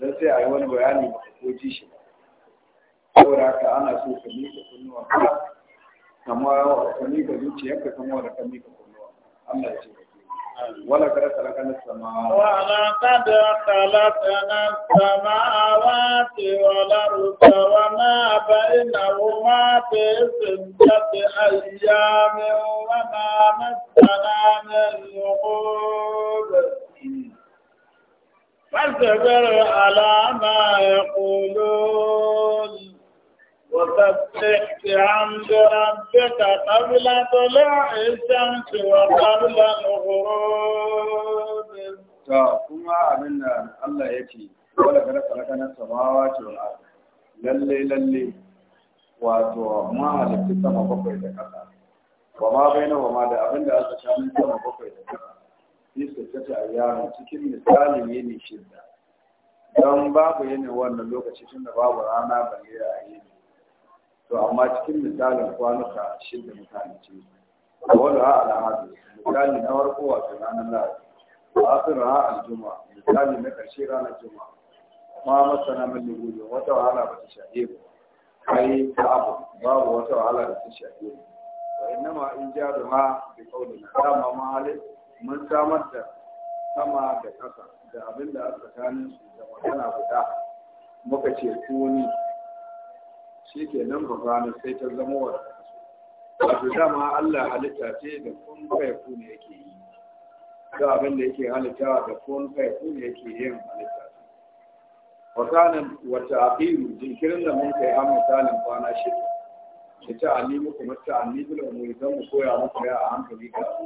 don sai a yi wani bayani ba ko ji shi ba saboda ka ana so ka kunnuwa kunnuwan ka kama ka mika zuciyarka kama da ka mika kunnuwan Allah ya ce ka ولقد kada kala kana sama السماوات بينهما بستة أيام وما مسنا من لغوب فاصبر على ما يقولون وسبح بحمد ربك قبل طلوع الشمس وقبل الغروب. كما أمنا الله يكفي ولقد خلقنا السماوات والأرض lalle lalle wato ma halitta sama bakwai da kasa, ba ma bai na ma da abin da aka shafi sama bakwai da ƙasa ta ta a yaron cikin misalin yini shidda don babu yini wannan lokaci tun da babu rana ba ne a yini to amma cikin misalin kwanuka da mutane ce wani ha al'adu misali na farko wato ranar lahadi ba su ranar juma'a misali na ƙarshe ranar juma'a ma masana min lugudu wata wahala ba ta shahe mu ai abu. babu wata wahala da ta shahe mu wa innama in ja da ma bi qawlina dama ma halin mun samar da sama da ƙasa da abin da a tsakanin su da magana guda muka ce kuni shi ke nan ba sai ta zama wa wato dama Allah halitta ce da kun kai kuni yake yi da abin da yake halitta da kun kai kuni yake yin halitta wakanin wata abiru jinkirin da mun kai an misalin kwana shida ki ta alimu kuma ta alimu da mu idan mu koya muku ya a hankali ga ka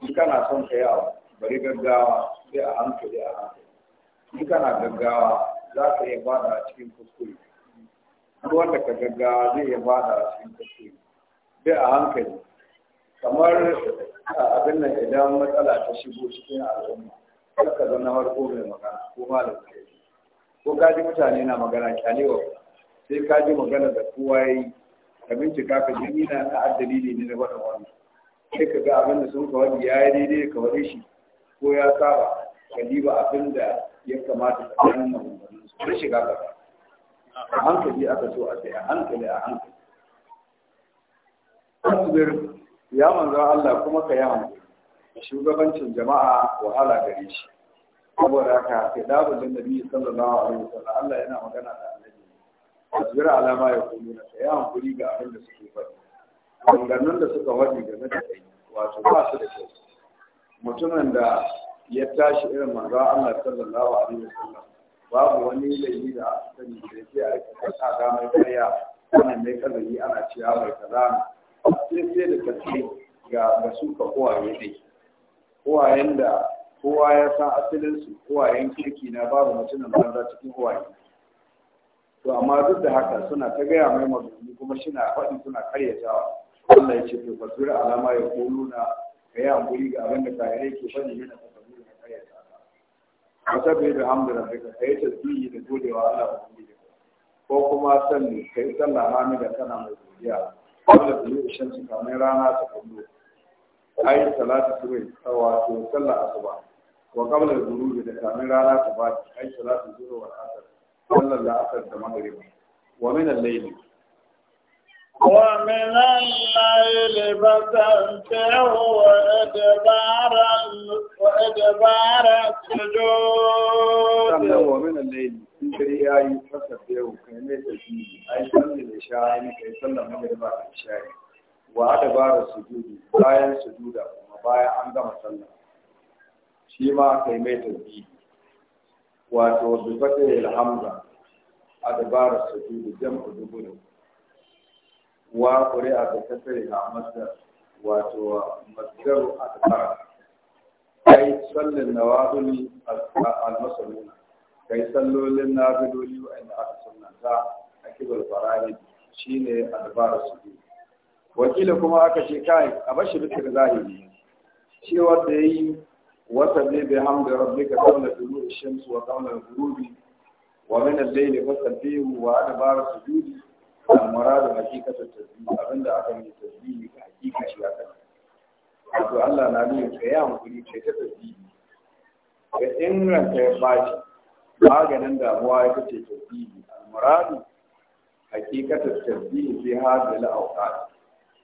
in na son ka yawa bari gaggawa sai a hankali a hankali in na gaggawa za ka iya bada a cikin kuskure duk wanda ka gaggawa zai iya bada a cikin kuskure sai a hankali kamar abin nan idan matsala ta shigo cikin al'umma kar ka zo na farko mai magana ko malam kai ko ka mutane na magana kyalewa sai kaji ji magana da kowa ya yi ka bincika ka ji na na dalili ne na wata wani sai ka ga abin da sun kawai ya yi daidai ka wani shi ko ya saba ka diba abin da ya kamata ka gani na maganganun su ka shiga ba a hankali aka so a sai a hankali a hankali ya manzo Allah kuma ka yi hankali shugabancin jama'a wahala gare shi saboda haka kitabun da nabi sallallahu alaihi wasallam Allah yana magana da annabi ya ala na yaquluna an hankuri ga abin da suke faɗi maganganun da suka faɗi game da kai wato ba su da kyau mutumin da ya tashi irin manzo Allah sallallahu alaihi wasallam babu wani laifi da aka sani da yake a rika kasa ga mai karya wannan mai kazari ana ciya mai kaza sai sai da tafi ga ga su ka kowaye dai kowayen da kowa ya san asalin su uwayen kirki na babu mutumin banza cikin uwaye to amma duk da haka suna ta gaya mai magani kuma shi na faɗi suna karyatawa Allah ya ce to fasir alama ya kuluna ka ya hankuri ga abin da kayarai ke faɗi yana ta fasir na karyatawa wata bai da hamdu rabbika ka yi tasbihi da godewa Allah ba kuma ko kuma sanni ka yi sallah da kana mai godiya wanda ta yi shan su kamar rana ta kullum ayi salatu subai to sallah asuba wa qabla al-ghurub da kamin rana ta ba ai salatu zuhur wal asr sallar la'asar da maghrib wa min al-layl ومن الليل فتنته وإدبار وإدبار السجود. سمع ومن الليل in dare ya yi fasa da yau kai mai tafi a yi sallar da sha'a ne kai sallar magariba da sha'i wa da bara sujudu bayan sujuda kuma bayan an gama sallar shi ma kai mai tafi wato bi fatih alhamza adbar da jan dubur wa ta bi kasri hamza wato a adbar kai sallin a al-muslimin kai sallolin wa wa'anda aka sunnata a ne a shine su sujud wakila kuma aka ce kai a bashi bitir zahiri shi wanda yi. وسبح بحمد ربك قبل طلوع الشمس وقبل الغروب ومن الليل فسبحه وأدبار السجود المراد حقيقة التسبيح أبن أكن التسبيح حقيقة شيئا wato Allah na nuna ka yi hankuri kai ta tasbihi ga inganta ya baci maganin damuwa ya kace tasbihi muradu hakikatar tasbihi fi hadhihi al-awqat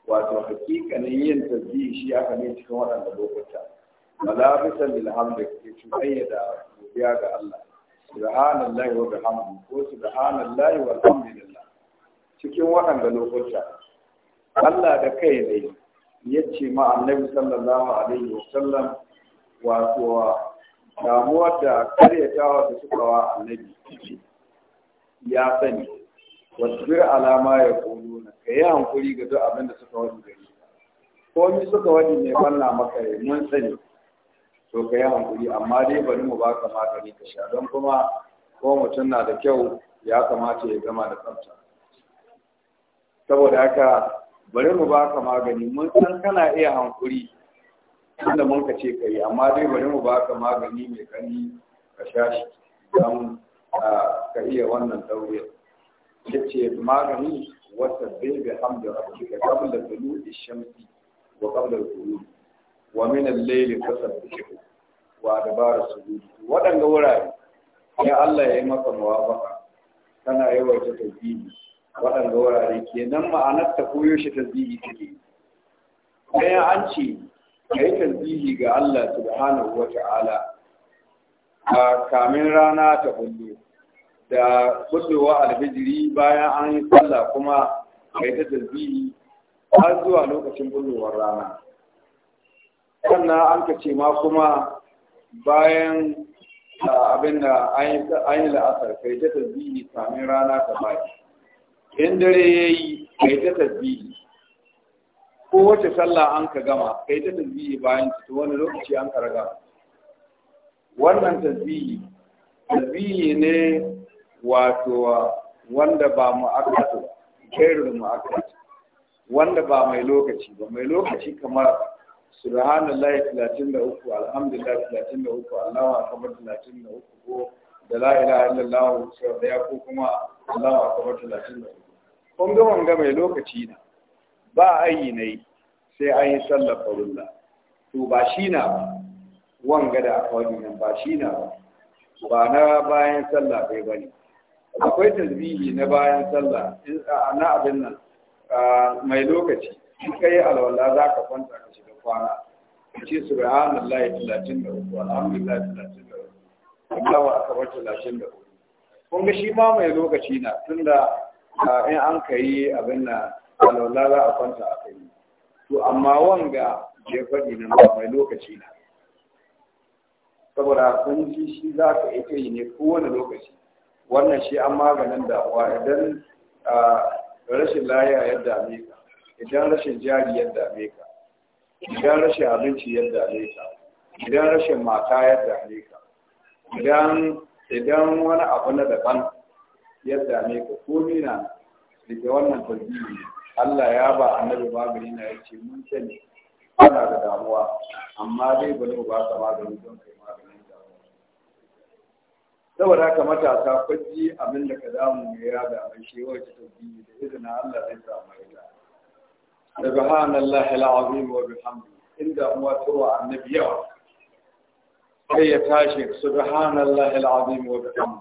wato hakikanin yin tasbihi shi aka ne cikin waɗannan lokuta malabisan lilhamdi ke cuɗanya da godiya ga Allah subhanallahi wa bihamdi ko subhanallahi walhamdulillah cikin waɗanda lokuta Allah da kai ne ya ce ma annabi sallallahu alaihi wa sallam wato damuwar da karyatawa da suka wa annabi ya sani wasbir alama ya kono na ka yi hankuri ga duk abin da suka wani gari ko ni suka wani ne banna maka mun sani to ka yi hankuri amma dai bari mu baka magani ka sha don kuma ko mutum na da kyau ya kamata ya gama da tsafta saboda haka bari mu baka magani mun san kana iya hankuri tunda mun ka ce ka yi amma dai bari mu baka magani mai kani ka sha shi don ka iya wannan dauriyar ya ce magani wata bai bi hamdu rabbika da tulu'i shamsi wa qabla al wa min al-layli fasabbihu wa adbar sujud wadanga wurare ya Allah ya yi maka muwafaqa kana yi wa ta tabiyi wadanga wurare kenan ma'anar ta koyo shi tabiyi take kai an ce kai tabiyi ga Allah subhanahu wa ta'ala a kamin rana ta bullo da kusurwa albijiri bayan an yi sallah kuma kai ta tabiyi har zuwa lokacin bullowar rana sannan an ka ce ma kuma bayan abin da an yi la'asar kai ta tasbihi sami rana ta baki in dare ya yi kai ta tasbihi kowace sallah an ka gama kai ta tasbihi bayan ta wani lokaci an ka raga wannan tasbihi tasbihi ne wato wanda ba mu akatu kairu mu akatu wanda ba mai lokaci ba mai lokaci kamar subhanallahi 33 alhamdulillah 33 Allahu akbar 33 ko da la ilaha illallah sau daya ko kuma Allahu akbar 33 kun ga wanga mai lokaci na ba ayi nai sai an yi sallar farulla to ba shi na ba wanga da akwai wani nan ba shi na ba ba na bayan sallah bai bane akwai tasbihi na bayan sallah na abin nan mai lokaci in kai alwala za ka kwanta ka shiga kwana su layi talatin da uku, ka ce subhanallahi 33 alhamdulillah 33 Allahu akbar 33 kun ga shi ma mai lokaci na tunda in an ka yi abin na alwala za a kwanta a kai to amma wanga je faɗi na ba mai lokaci na saboda kun ji shi za ka iya yi ne kowane lokaci wannan shi an maganin da, wa idan rashin lahiya ya dame ka idan rashin jari yadda a ka idan rashin abinci yadda alaika, idan rashin mata yadda alaika, idan idan wani abu na daban yadda alaika, ka ko nina daga wannan tarbiyya Allah ya ba annabi magani na ce mun sani ana da damuwa amma dai bani mu ba ka magani don kai maganin damuwa saboda haka matasa kwaji abinda da ka damu ya dame shi wacce tarbiyya da izinin Allah zai samu ya سبحان الله العظيم وبحمده أن أمواتها النبي يوم هي سبحان الله العظيم وبحمده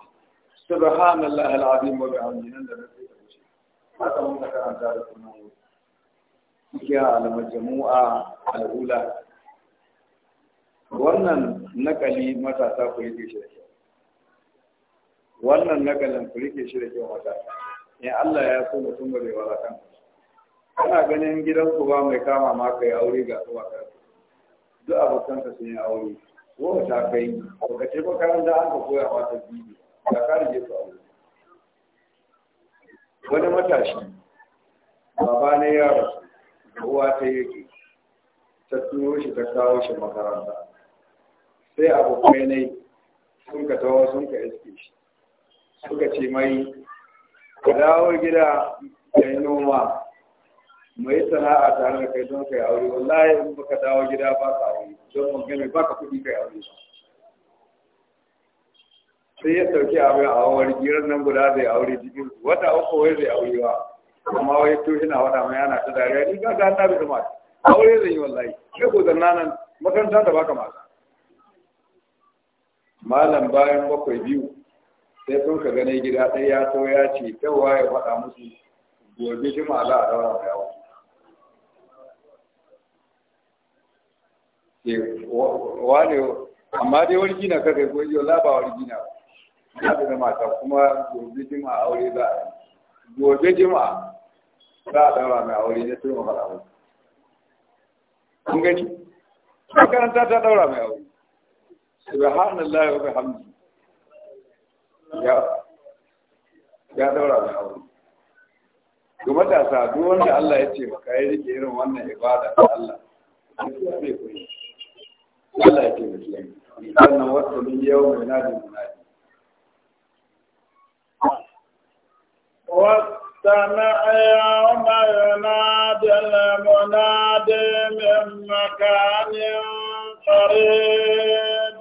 سبحان الله العظيم وبحمده عند نبي هذا من ذكر أن ذلك الموضوع على المجموعة الأولى wannan nakali matasa ku rike shi da kyau wannan nakalin ku rike shi da kyau matasa in Allah ya so mutum bare wa kan kana ganin ku ba mai kama ma kai aure ga su ba ka duk ka sun yi aure ko ta kai ka ce ba kayan da aka koya ma ta bibi ga ka rige su aure wani matashi baba ne ya rasu da uwa ta yake ta turo shi ta kawo shi makaranta sai abokai ne sun ka tawo sun ka iske shi suka ce mai ka dawo gida ya yi noma mu yi sana'a tare da kai don kai aure wallahi in baka dawo gida ba ka aure don mun gane ba ka kuɗi kai aure ba sai ya sauke abin a wawar giran nan guda zai aure jikin wata uku wai zai aure ba amma wai to ina wata mai yana ta dariya ni ga ga ta bi kuma aure zai yi wallahi ke ko zanna nan makaranta da baka mata malam bayan bakwai biyu sai sun ka gane gida ɗaya ya to ya ce kyau ya faɗa musu gobe jima'a za a daura mai yawa. Eh, wa wane amma dai wani gina ko yau gina ya da mata kuma gobe jima'a aure za a gobe jima'a za a mai aure na turma makaranta ta daura mai aure subhanallah wa bihamdi ya matasa duk wanda Allah ya ce maka ya rike irin wannan ibada ta Allah zai koyi Allah ya taimake mu sannan wasu min yau mai nadi munadi واستمع يوم ينادي المنادي من مكان قريب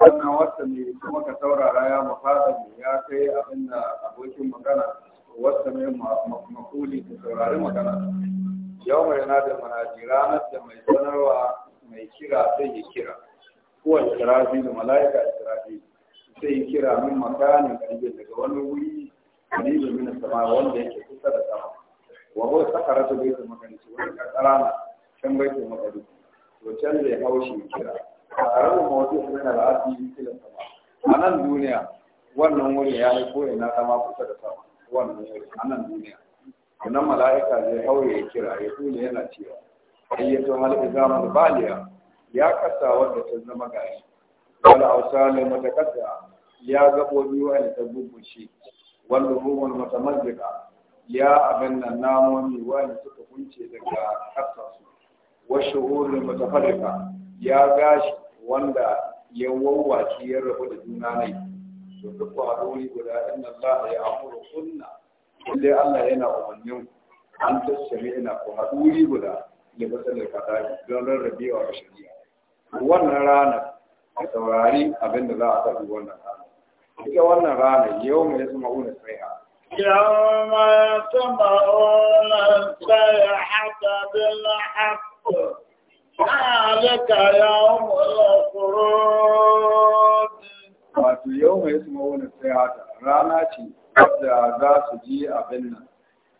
wannan wasu ne kuma ka saurara ya mafada ne ya kai abin da abokin magana wasu ne makuli ka saurari magana yau mai nadi munadi ranar da mai sanarwa mai kira sai ya kira ko da mala'ika israfilu sai ya kira min makanin karibin daga wani wuri karibin min sama wanda yake kusa da sama wa huwa bai baitul maqdis wani na can baitul maqdis to can da ya kira karamin mawdu da al-asi kila sama nan duniya wannan wuri ya yi ko na sama kusa da sama wannan wuri nan duniya wannan mala'ika zai hauye ya kira ya tuni yana cewa ayyatu hal izamul baliya ya kasa wanda ta zama gashi wal awsal mutakassa ya biyu wa ta bubushi wal lumul mutamazzika ya abin nan namomi wani suka kunce daga ƙasarsu wa hurin mutafarrika ya gashi wanda ya wawwaci ya rabu da juna nai to duk kwarori guda inna Allah ya amuru kunna lalle Allah yana umarnin an tasiri ina ko haduri guda da fasar da kada don rarrabewa a shari'a wannan rana a saurari abin da za a faɗi wannan rana ita wannan rana yau mai yasma una sai'a يوم يسمعون الصيحة بالحق ذلك يوم الخروج wato yau mai suma wani sayata rana ce wadda za su ji abin nan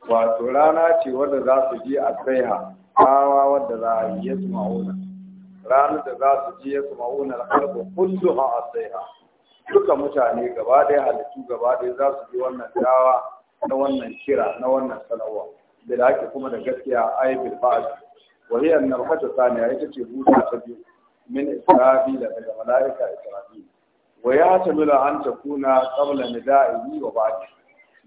wato rana ce wadda za su ji a tsaiha kawa wadda za a yi ya ma'una ranar da za su ji ya ma'una harba kundu ha ha. duka mutane gaba ɗaya halittu gaba ɗaya za su ji wannan dawa na wannan kira na wannan sanarwa da ake kuma da gaskiya a bil ba'd wa hiya an nafhatu thaniya ita ce huta ta biyu min israfi da daga malaika israfi wa ya tamilu an za a yi wa ba'd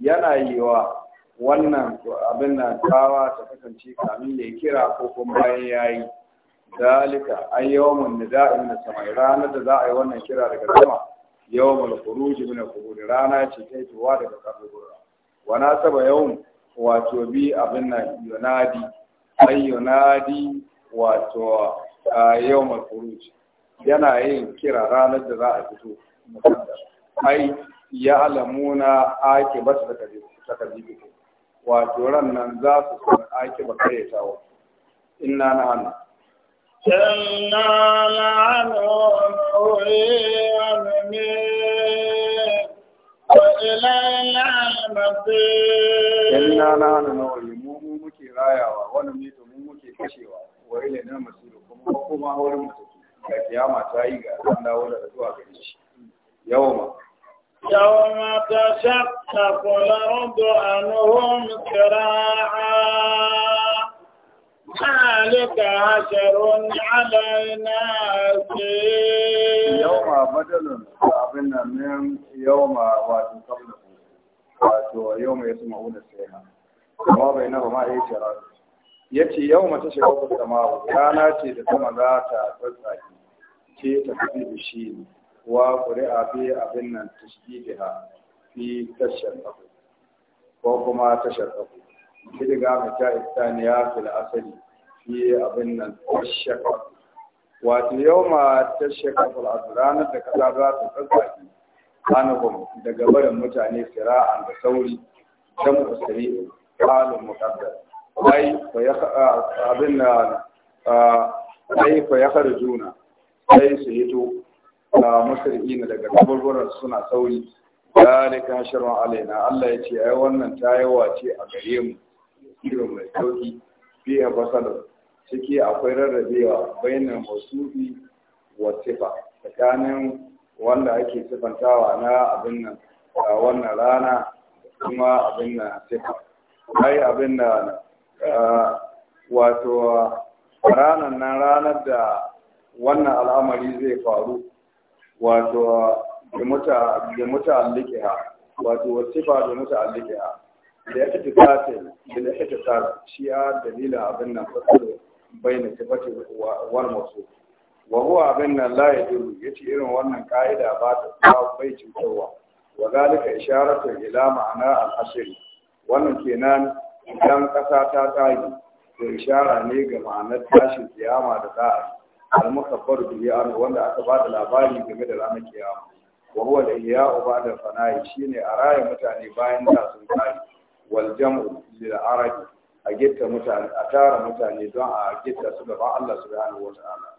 yana yiwa wannan abin na tsawa ta kasance kamin ya kira ko kuma bayan ya yi dalika an yawon za'in na samai ranar da za a yi wannan kira daga sama yawon kuruji min da rana ce ta hitowa daga kaburbura wana saba yawon wato bi abin na yunadi an yunadi wato yawon kuruji yana yin kira ranar da za a fito ai ya alamuna ake basu takadiku wato ran nan za su san aiki ba kare ta wa inna na hannu inna na hannu wa'iyanu ne wa ilayna masir inna na hannu na wani mu mu muke rayawa wani ne to mu muke kashewa wa na masiru kuma kuma wani mutum ga kiyama ta yi ga an dawo da zuwa gare shi yawma يوم تشقق الأرض عنهم كراعا ذلك حشر على يوم بدل أبنا من يوم واتن قبله yau mai yasu ma'una sai ha amma ma ce yau mace shiga kusa ma rana ce da kuma za ta tsatsaki ce ta fi da shi ne wa ƙuri'a fi abin nan ha fi tashar ko kuma tashar ɗafu bidiga mai ta istaniya fil asali fi abin nan tashar wato yau ma tashar a ranar da kasa za ta tsatsaki hannun daga barin mutane sira'an da sauri can kusuri halin mukaddar ai fa ya abin nan ai fa ya juna sai su hito da musri'ina daga kaburburan suna sauri Ya dalika sharrun alaina Allah ya ce ai wannan tayawa ce a gare mu kiro mai sauki fi a ciki akwai rarrabewa bainar musufi wa sifa tsakanin wanda ake sifantawa na abin nan a wannan rana kuma abin na sifa ai abin nan wato ranar nan ranar da wannan al'amari zai faru wato da ha wato wasifa da ha da ya fi da ya fi kata shi ya dalila abin nan bai na sifati wani masu wa huwa abin nan la ya yace irin wannan ka'ida ba ta bai cutarwa wa zalika isharatu ila ma'ana al-ashr wannan kenan idan kasa ta tayi to ishara ne ga ma'anar tashin kiyama da za'a al-mukabbar bihi an wanda aka ba da labari game da ranar kiyama wa huwa al da ba'da fana'i shine a raya mutane bayan da sun kare wal jam'u lil a gitta mutane a tara mutane don a gitta su gaban Allah subhanahu wa ta'ala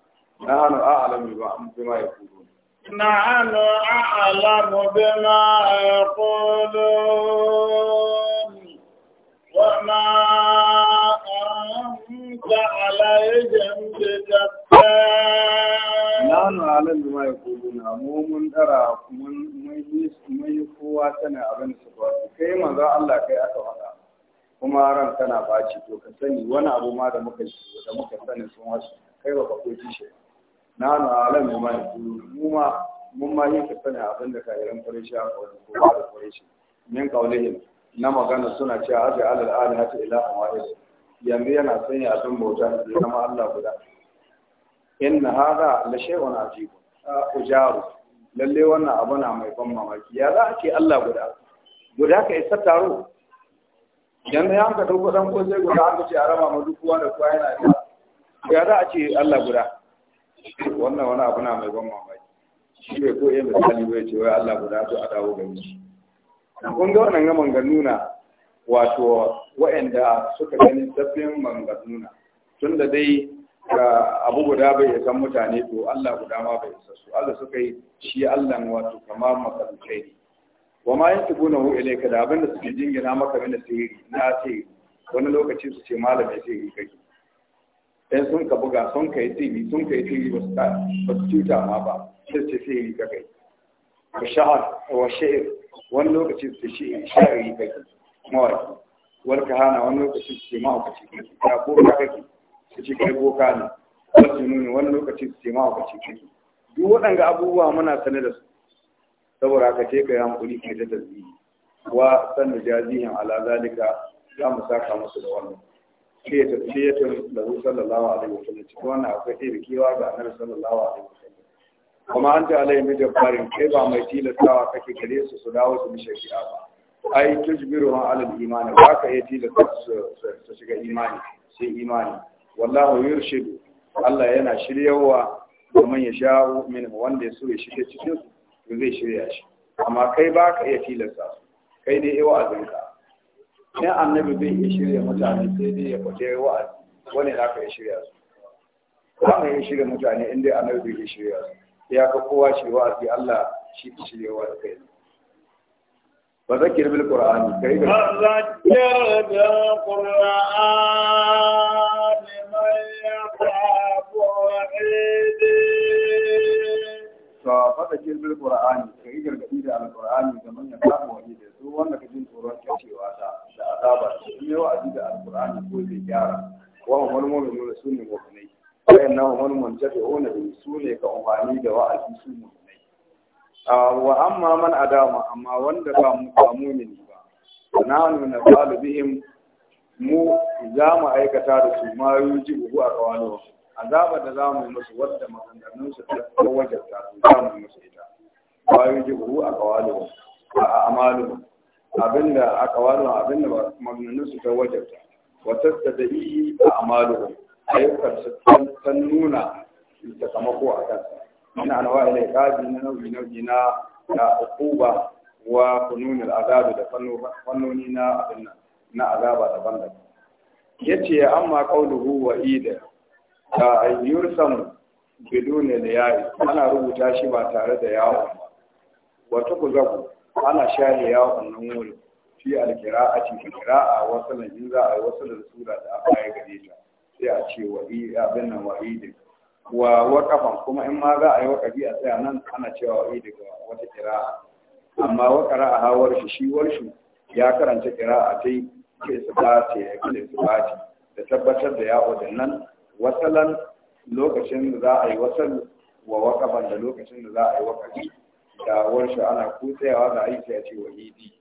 nahnu a'lamu bima yaqulun نحن أعلم بما يقولون وما أنت عليهم Na جبار نحن أعلم بما يقولون مومن ترى من يقوى سنة أبن سكوات كيما Allah kai aka أتوحدا kuma ran tana baci to ka sani wani abu ma da muka da muka sani sun wasu kai ba ko ji shi na na alam ma mu ma mun ma yi ka sani abin da ka kayan farishi a kawai ko ba da farishi min kaulihim na magana suna cewa aja alal alihati ilahan wahid yanzu yana sanya abin bauta da zama Allah guda inna hada la shay'un ajib ujaru lalle wannan abu na mai ban mamaki ya za a ce Allah guda guda ka isa taro idan ya ka dauko dan ko sai guda aka ce a rama ma duk wanda kuwa yana da ya za a ce Allah guda wannan wani abu na mai ban mamaki shi ne ko yin misali bai ce wai Allah guda to a dawo gani shi kun ga wannan gaman ga nuna wato waɗanda suka gani sabbin manganuna tun da dai abu guda bai san mutane to Allah guda ma bai isa su Allah suka yi shi Allah wato kama makarantai ne wa ma yin tubuna hu ilaika da abinda suke jingina maka mina sihiri na ce wani lokaci su ce malamai sihiri kake dan sun ka buga sun kai sihiri sun kai sihiri ba su ta ba su cuta ma ba sai ce sihiri kake wa sha'ar wa sha'ir wani lokaci su ce sha'iri kake mawaki wal kahana wani lokaci su ce mawaki kake ya ko kake ci kai boka ne wasu nuni wani lokaci su ce ma ka ci kai duk waɗanga abubuwa muna sane da su saboda ka ce kai hankuli kai da tasbihi wa sanu jazihin ala zalika za mu saka musu da wannan sai ya tafi ya tafi da hu sallallahu alaihi wa sallam cikin wannan akwai ɗaya kewa ga annabi sallallahu alaihi wa sallam kuma an ta alaihi mijin farin kai ba mai tilastawa kake gare su su dawo su bi shari'a ba ai tujbiru ma alal imani ba ka yi tilasta su shiga imani sai imani wallahu yurshidu Allah yana shiryawa domin ya shawo min wanda ya so ya shirya cikin su zai shirya shi amma kai ba ka iya tilasta su kai dai yawa ka in annabi bai iya shirya mutane sai dai ya kwace wa'azi wani za ka iya shirya su ba ka iya shirya mutane inda annabi bai iya shirya su ya ka kowa shi wa'azi Allah shi ki shirya wa kai فذكر بالقرآن كيف فذكر بالقرآن fata girbin ƙura'ani ka yi gargaɗi da alƙura'ani ga manyan kafin waje da su wanda ka jin tsoron kyaucewa ta da azaba su ne wa'azi da alƙura'ani ko zai gyara kuma umar mu'minu da su ne mu'minai bayan na umar mu'minta da ona da su umarni da wa'azi su mu'minai wa amma man adama amma wanda ba mu'mini ba na nuna talibihim mu za mu aikata da su ma yuji buhu a kawalo azaba da za mu yi musu wadda maganganun su ta kawajar ta su za mu yi musu ita ma yuji buhu a kawalo a amalu abinda a kawalo abinda maganganun su ta wajar ta wata tsadari a amalu ayyukan su ta nuna ta sakamako a kansa ina anawa ila kaji na nauyi nau'i na da uquba wa kununin azabi da fannoni na abin nan na azaba daban-daban yace amma qauluhu wa ida ka yursam bidune da yayi ana rubuta shi ba tare da yawo wa tukzabu ana shahi yawon nan wuri fi alqira'ati fi qira'a wasu nan za a wasu da sura da aka yi gare ta sai a ce wa ida abin nan wa ida wa waqafan kuma in ma za a yi waqafi a tsaya nan ana cewa wa ida wata qira'a amma wa qara'a hawar shi shi warshi shi ya karanta kira a ta yi ce ya kula isbati da tabbatar da ya din nan wasalan lokacin da za a yi wasal wa waqafan da lokacin da za a yi waqafi da warshi ana ko tsayawa da aiki a ce hidi,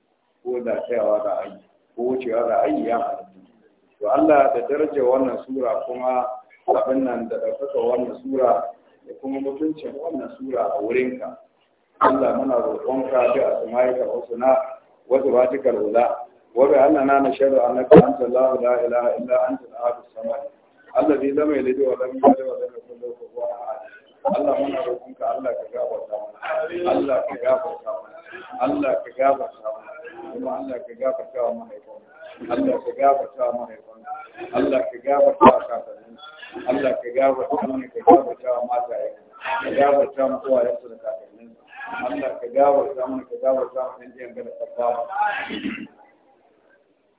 ko da tsayawa da aiki ko wucewa da aiki ya halittu to Allah da daraja wannan sura kuma abin nan da ɗaukaka wannan sura da kuma mutuncin wannan sura a wurinka Allah muna roƙonka bi asma'ika husna وذراتك الغلاء وبأننا نشهد أنك أنت الله لا إله إلا أنت الآب الصمد الذي لم يلد ولم يلد ولم يكن له كفوا أحد الله من الصمد الله كجابر سامنا الله كجابر سامنا الله كجابر سامنا وما الله كجابر سامنا Allah ka gabata mahaifanka, Allah كجاب الصمد kakanninsu, Allah ka gabata mana ka gabata mata yanzu, ka كجاب الصمد yanzu da kakanninsu. Allah ka gawarta mana ka gawarta mana in jiyan gada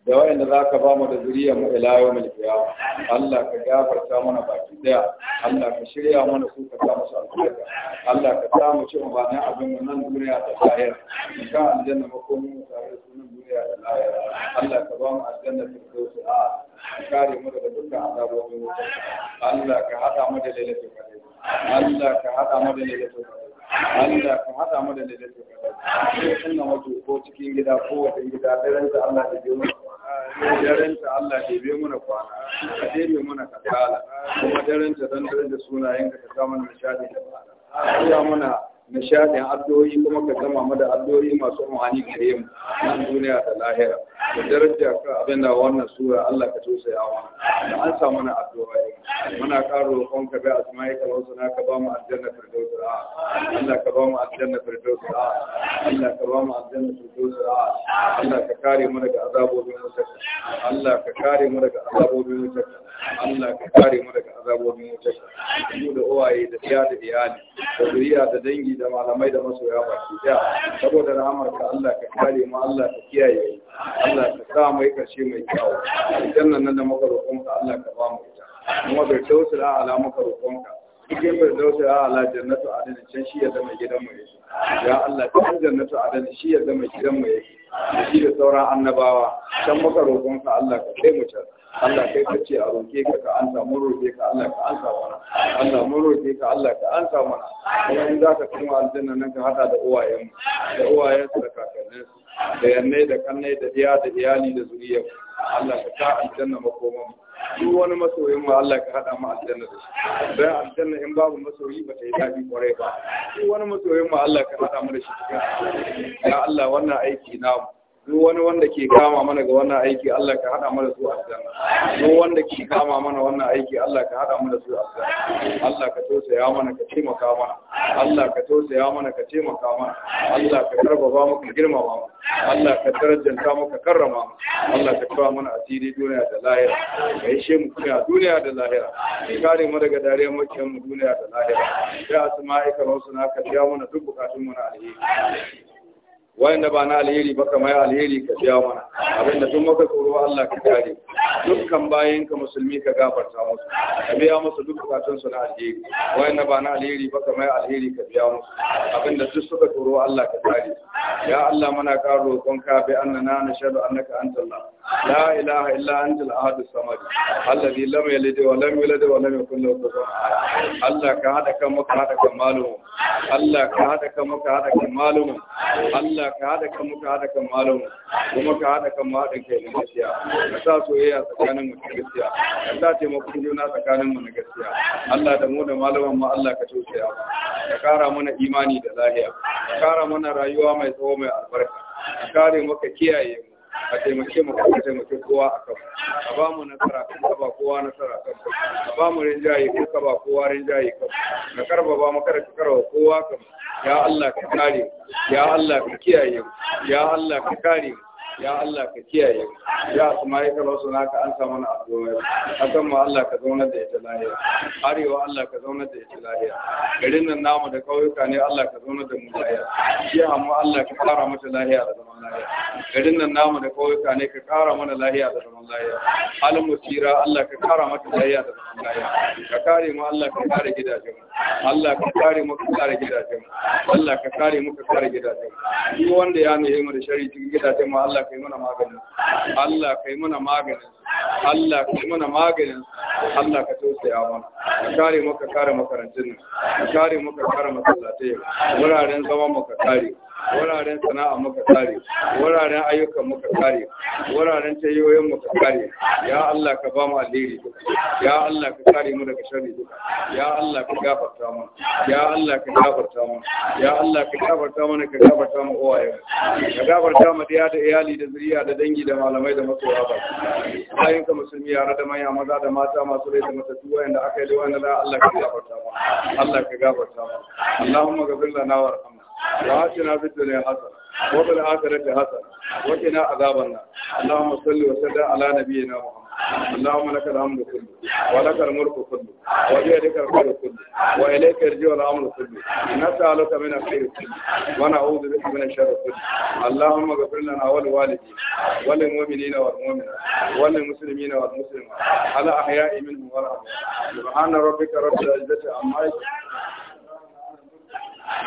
da wayanda za ka ba mu da zuriya mu ila yau mai Allah ka gafarta mana baki daya Allah ka shirya mana su ka sa musu albarka Allah ka ta mu ci umarnin abin mu nan duniya da tsayar ka aljanna makomin mu tare su sunan duniya da tsayar Allah ka ba mu aljanna da dosu a kare mu daga dukkan azabobin Allah ka hada mu da lailatul qadr Allah ka hada mu da lailatul qadr Allah ka haɗa mu da dalilu sai sunna wato ko cikin gida ko wata gida daren ta Allah da biyu daren ta Allah da biyu mana kwana ka dai mana kasala kuma daren ta dan daren da sunayen ka ka samu nishadi da ba Allah muna nishadin addu'o'i kuma ka zama mu da addu'o'i masu muhani gare mu nan duniya da lahira da daraja ka abin da wannan sura Allah ka tausaya wa da an sa mana addu'a muna karo kon ka ga asma'i ka na ka ba mu aljanna firdaus ra'a Allah ka ba mu aljanna firdaus ra'a Allah ka ba mu aljanna firdaus ra'a Allah ka kare mu daga azabobin wuta Allah ka kare mu daga azabobin wuta Allah ka kare mu daga azabobin wuta mu da uwaye da iya da iyali da zuriya da dangi da malamai da masoya baki daya saboda rahamarka Allah ka kare mu Allah ka kiyaye mu Allah ka sa mai kashe mai kyau aljanna nan da muka Allah ka ba mu ita kuma bai tausira ala muka cikin firdausa ya ala jannatu adana can shi ya zama gidan mu yake ya Allah cikin jannatu adana shi ya zama gidan mu yake shi da sauran annabawa can muka roƙon ka Allah ka kai mu can Allah kai ka ce a roƙe ka ka an mun roƙe ka Allah ka ansa mana Allah mun roƙe ka Allah ka ansa mana kuma in za ka kuma aljanna nan ka hada da uwayen da uwayen da kakannin da yannai da kannai da diya da iyali da zuriyar Allah ka ta aljanna makoman mu duk wani masoyin mu Allah ka hada ma aljanna da shi dan aljanna in babu masoyi ba ta yi dadi kwarai ba duk wani masoyin mu Allah ka hada mu da shi ya Allah wannan aiki namu duk wani wanda ke kama mana ga wannan aiki Allah ka hada mana su aljanna duk wanda ke kama mana wannan aiki Allah ka hada mana su aljanna Allah ka tausaya mana ka taimaka mana Allah ka tausaya mana ka taimaka mana Allah ka karbaba mu ka girmama mu Allah ka darajanta mu ka karrama mu Allah ka kawo mana asiri duniya da lahira ka yi shemu kuma duniya da lahira ka kare mu daga dariyar makiyan mu duniya da lahira ya asma'ika wa sunaka ya mana duk bukatun mu na alheri wayanda ba na alheri ba ka kamar alheri ka biya mana abinda duk maka tsoro Allah ka kare dukkan bayan ka musulmi ka gafarta musu ka biya musu duk bukatun su na alheri wayanda ba na alheri ba ka kamar alheri ka biya musu abinda duk suka tsoro Allah ka kare ya Allah muna karo kon ka bi annana nashhadu annaka antallah لا إله إلا أنت الأحد الصمد الذي لم يلد ولم يولد ولم يكن له كفوا الله كهذا كم كهذا معلوم الله كهذا كم كهذا معلوم الله كهذا كم كهذا معلوم kuma ka haɗa kan mahaɗin kai na gaskiya ka sa soyayya tsakanin mu na gaskiya ka taimakon juna tsakanin mu na Allah da mu da malaman mu Allah ka tausaya ka kara mana imani da lahiya ka kara mana rayuwa mai tsawo mai albarka ka kare mu ka kiyaye mu a taimake mu ka taimake kowa a kan ka ba mu nasara kan ka ba kowa nasara kan ka ba mu rinjaye kan ka ba kowa rinjaye kan ka ba mu kada ka karba kowa kan ya Allah ka kare ya Allah ka kiyaye ya Allah ka kare mu ya Allah ka kiyaye ya kuma ya kaba suna ka an samu na addu'a kasan mu Allah ka zauna da ita lahiya arewa Allah ka zauna da ita lahiya garin nan namu da kauyuka ne Allah ka zauna da mu lahiya Jiya mu Allah ka kara mata lahiya da zaman lahiya garin nan namu da kauyuka ne ka kara mana lahiya da zaman lahiya halin musira Allah ka kara mata lahiya da zaman lahiya ka kare mu Allah ka kare gidajen mu. Allah ka kare mu ka kare gidajen mu. Allah ka kare mu ka kare gidajen mu. duk wanda ya nemi da shari'a cikin gidajen mu Allah Allah kai mana maganin Allah kai mana mana maganin Allah ka tausaya mana ka kare kare makarantun ka kare kare masallatai wuraren kare wuraren sana'a muka kare wuraren ayyukan kare wuraren tayoyin kare ya Allah ka ba mu alheri ya Allah ka kare mu daga sharri ya Allah ka gafarta ya Allah ka gafarta ya Allah ka gafarta ka gafarta mu ka gafarta mu da da iyali iyali da zuriya da dangi da malamai da masoya ba bayan ka musulmi yare da manya maza da mata masu rai da matattu wayanda aka yi da wanda Allah ka gafarta mu Allah ka gafarta mu Allahumma ghfir lana warhamna wa atina fid dunya hasana wa fil akhirati hasana wa qina adhaban nar Allahumma salli wa sallim ala nabiyyina Muhammad اللهم لك الحمد كله ولك الملك كله وبيدك الخير كله واليك يرجع الامر كله نسالك من الخير كله ونعوذ بك من الشر كله اللهم اغفر لنا ولوالدينا وللمؤمنين والمؤمنات وللمسلمين والمسلمات على احياء منهم والاموات سبحان ربك رب العزه عما يصفون